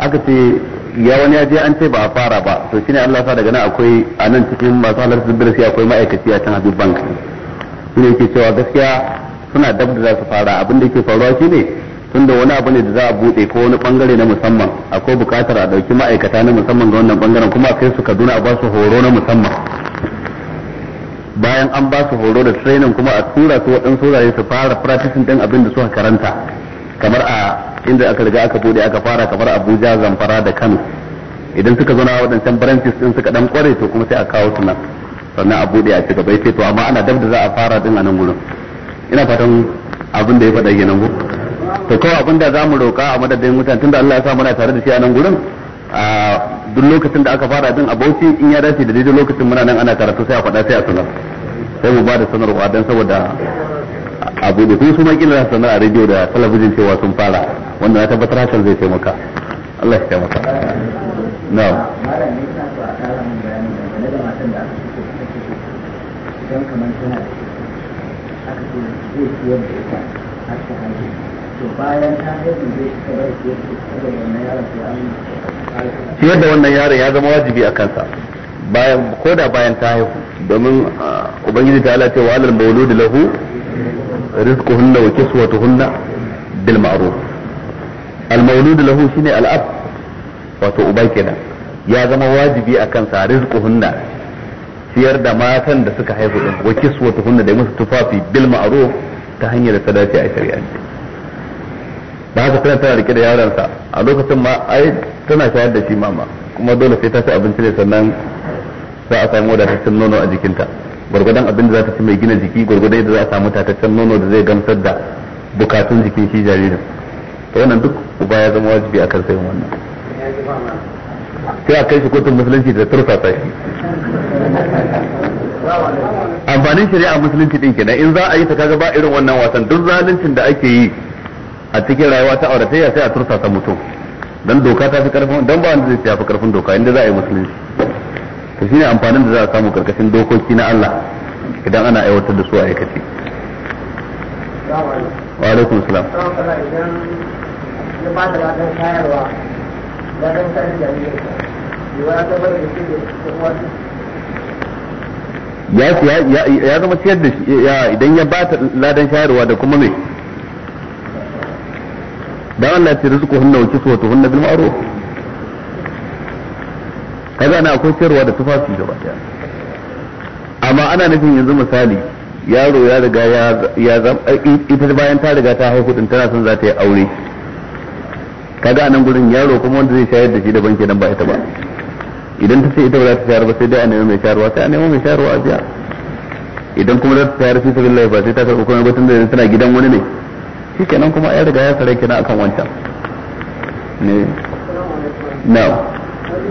aka ce ya wani ya je an ce ba a fara ba to shine Allah sa daga nan akwai a nan cikin masu halar zubbir sai akwai ma'aikaci a can Habib Bank ne yake cewa gaskiya suna dab da za su fara abin da yake faruwa shine tunda wani abu ne da za a bude ko wani bangare na musamman akwai bukatar a dauki ma'aikata na musamman ga wannan bangaren kuma a kai su Kaduna a ba su horo na musamman bayan an ba su horo da training kuma a tura su waɗansu wurare su fara practicing din abin da suka karanta kamar a inda aka riga aka bude aka fara kamar Abuja Zamfara da Kano idan suka zo na waɗancan branches din suka dan kware to kuma sai a kawo su nan sannan a bude a ci bai sai to amma ana dab da za a fara din a nan gurin ina fatan abin da ya faɗa kenan ko to kawai abin da za mu roƙa a madadin mutane tunda Allah ya sa muna tare da shi a nan gurin a duk lokacin da aka fara din a Bauchi in ya dace da daidai lokacin muna nan ana karatu sai a faɗa sai a sanar sai mu ba da sanarwa don saboda abu ne kuma su kila sana a radio da talabijin cewa sun fara wanda na tabbatar hakan zai taimaka Allah ya taimaka na ciyar da wannan yaron ya zama wajibi a kansa bayan ko da bayan ta haihu domin ah, ubangiji ta ala cewa alal mauludi lahu rizquhunna wa kiswatuhunna bil ma'ruf al mawlud lahu shine al ab wato uba kenan ya zama wajibi akan sa ciyar da matan da suka haihu din wa kiswatuhunna da musu tufafi bil ma'ruf ta hanyar sadaci a shari'a da haka tana tana rike da yaronsa a lokacin ma ai tana shayar da shi mama kuma dole sai ta ci abinci ne sannan za a samu wadataccen nono a jikinta gwargwadon abin da za ta ci mai gina jiki gwargwadon yadda za a samu tataccen nono da zai gamsar da bukatun jikin shi jaririn to wannan duk uba ya zama wajibi a kan sayin wannan sai a kai shi kotun musulunci da turfasa shi amfanin shari'a musulunci din kenan in za a yi ta kaga ba irin wannan wasan duk zaluncin da ake yi a cikin rayuwa ta auratayya sai a tursasa mutum dan doka ta fi karfin dan ba wanda zai fi karfin doka inda za a yi musulunci to shine amfanin da za a samu karkashin dokoki na Allah idan ana aiwatar da su a aikace wa alaikum salam ya ba da ladan shayarwa ladan shayar da ne ya zama ciyar da shi ya idan ya ba ta ladan shayarwa da kuma mai dan Allah ya ce rizquhunna wa kiswatuhunna bil ma'ruf kaza ana akwai sayarwa da tufafi gaba daya amma ana nufin yanzu misali yaro ya riga ya zam eh, ita bayan ta riga ta haihu din tana son za ta yi aure kaga anan gurin yaro kuma wanda zai shayar da shi da banki dan ba ita ba idan ta ce ita ba za ta shayar ba sai dai a nemi mai shayarwa sai a nemi mai shayarwa a biya idan kuma za ta shayar sabin sabilillahi ba sai ta karɓi komai ba tunda tana gidan wani ne shi kenan kuma ya riga ya sarai kina akan wancan ne na'am Hmm.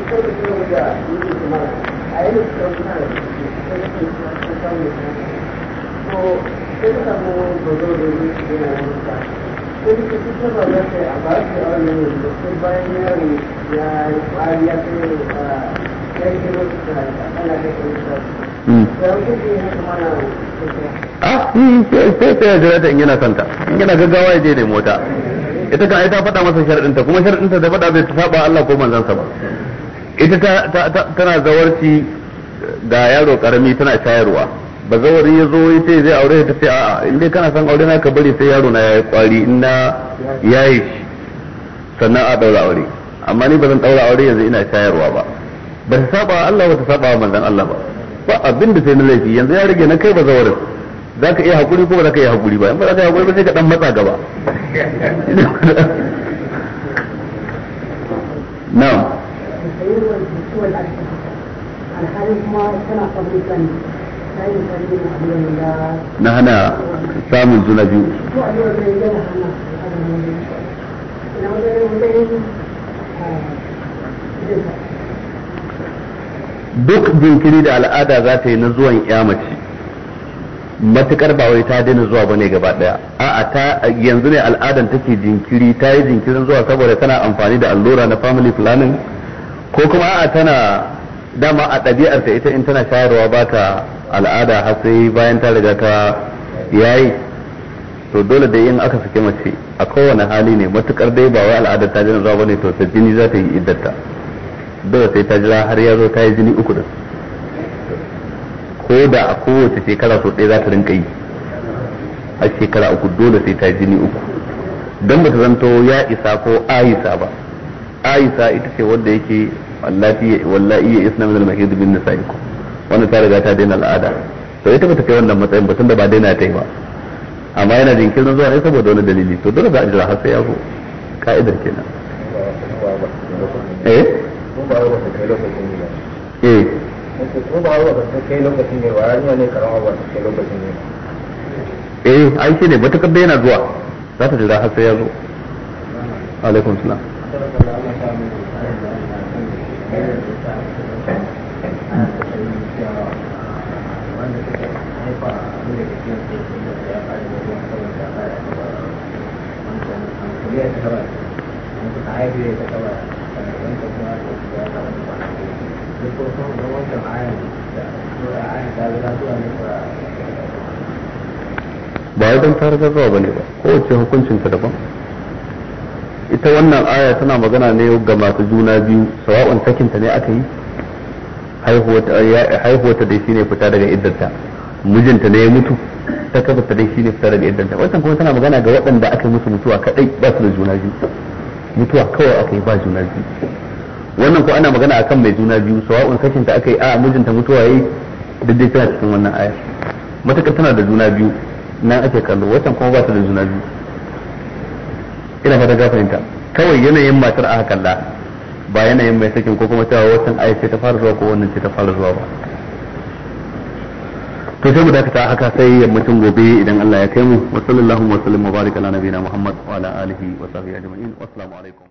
Ah, sai jira in yana santa in yana gaggawa ya je da mota ita kan ai ta faɗa masa sharadinta kuma da faɗa bai saba Allah ko manzansa ba ita tana zawarci ga yaro karami tana shayarwa ba zawari ya zo ya ce zai aure ta ce a'a in dai kana son aure na ka bari sai yaro na yayi kwari in na yayi sannan a daura aure amma ni ba zan daura aure yanzu ina shayarwa ba ba ta saba Allah ba ta saba manzon Allah ba ba abin da sai na laifi yanzu ya rage na kai ba zawarin za ka iya hakuri ko ba za ka iya hakuri ba in ba za ka iya hakuri ba sai ka dan matsa gaba na'am na hana samun duk jinkiri da al'ada za ta yi na zuwan yamaci matukar ba wai ta daina zuwa bane gaba daya a'a ta yanzu ne al'adan take jinkiri ta yi jinkirin zuwa saboda tana amfani da allura na family planning ko kuma a tana dama a ɗabi'arta ita in tana shayarwa ba ta al'ada har sai bayan ta riga ta yayi to dole da yin aka suke mace a kowane hali ne matukar dai ba wai al'ada ta jina zuwa bane to ta jini za ta yi iddarta dole sai ta jira har ya zo ta yi jini uku da ko da a kowace shekara so ɗaya za ta rinka yi a shekara uku dole sai ta jini uku don ba ta zanto ya isa ko ayisa ba aisha ita ce wadda yake wallahi wallahi ya isna minal mahid bin nisaiku wannan ta riga ta daina al'ada to ita bata kai wannan matsayin ba tunda ba daina ta yi ba amma yana jinkirin zuwa ne saboda wani dalili to dole za a jira har sai ya zo ka'idar kenan eh eh eh ai shi ne matakar da yana zuwa za ta jira har sai ya zo alaikum salam ba wajen tare da ba ne ba kowace hukuncinta daban ita wannan aya tana magana ne ga masu juna biyu sawa'un sakinta ne aka yi haihuwata dai shine fita daga iddanta mijinta ne ya mutu ta kafarta dai shine fita daga iddanta wannan kuma tana magana ga waɗanda aka yi musu mutuwa kadai ba su da juna biyu mutuwa kawai aka yi ba juna biyu wannan ko ana magana akan mai juna biyu sawa'un sakinta aka yi a mijinta mutuwa yayi duk dai tana cikin wannan aya matakar tana da juna biyu nan ake kallo wannan kuma ba ta da juna biyu ina fata ga fahimta kawai yanayin matar aka kalla ba yanayin mai sakin ko kuma cewa wancan ai ce ta fara zuwa ko wannan ce ta fara zuwa ba to sai mu dakata haka sai yammacin gobe idan Allah ya kai mu wa sallallahu wa sallam mubarak ala nabiyina Muhammad wa ala alihi wa sahbihi ajma'in assalamu alaikum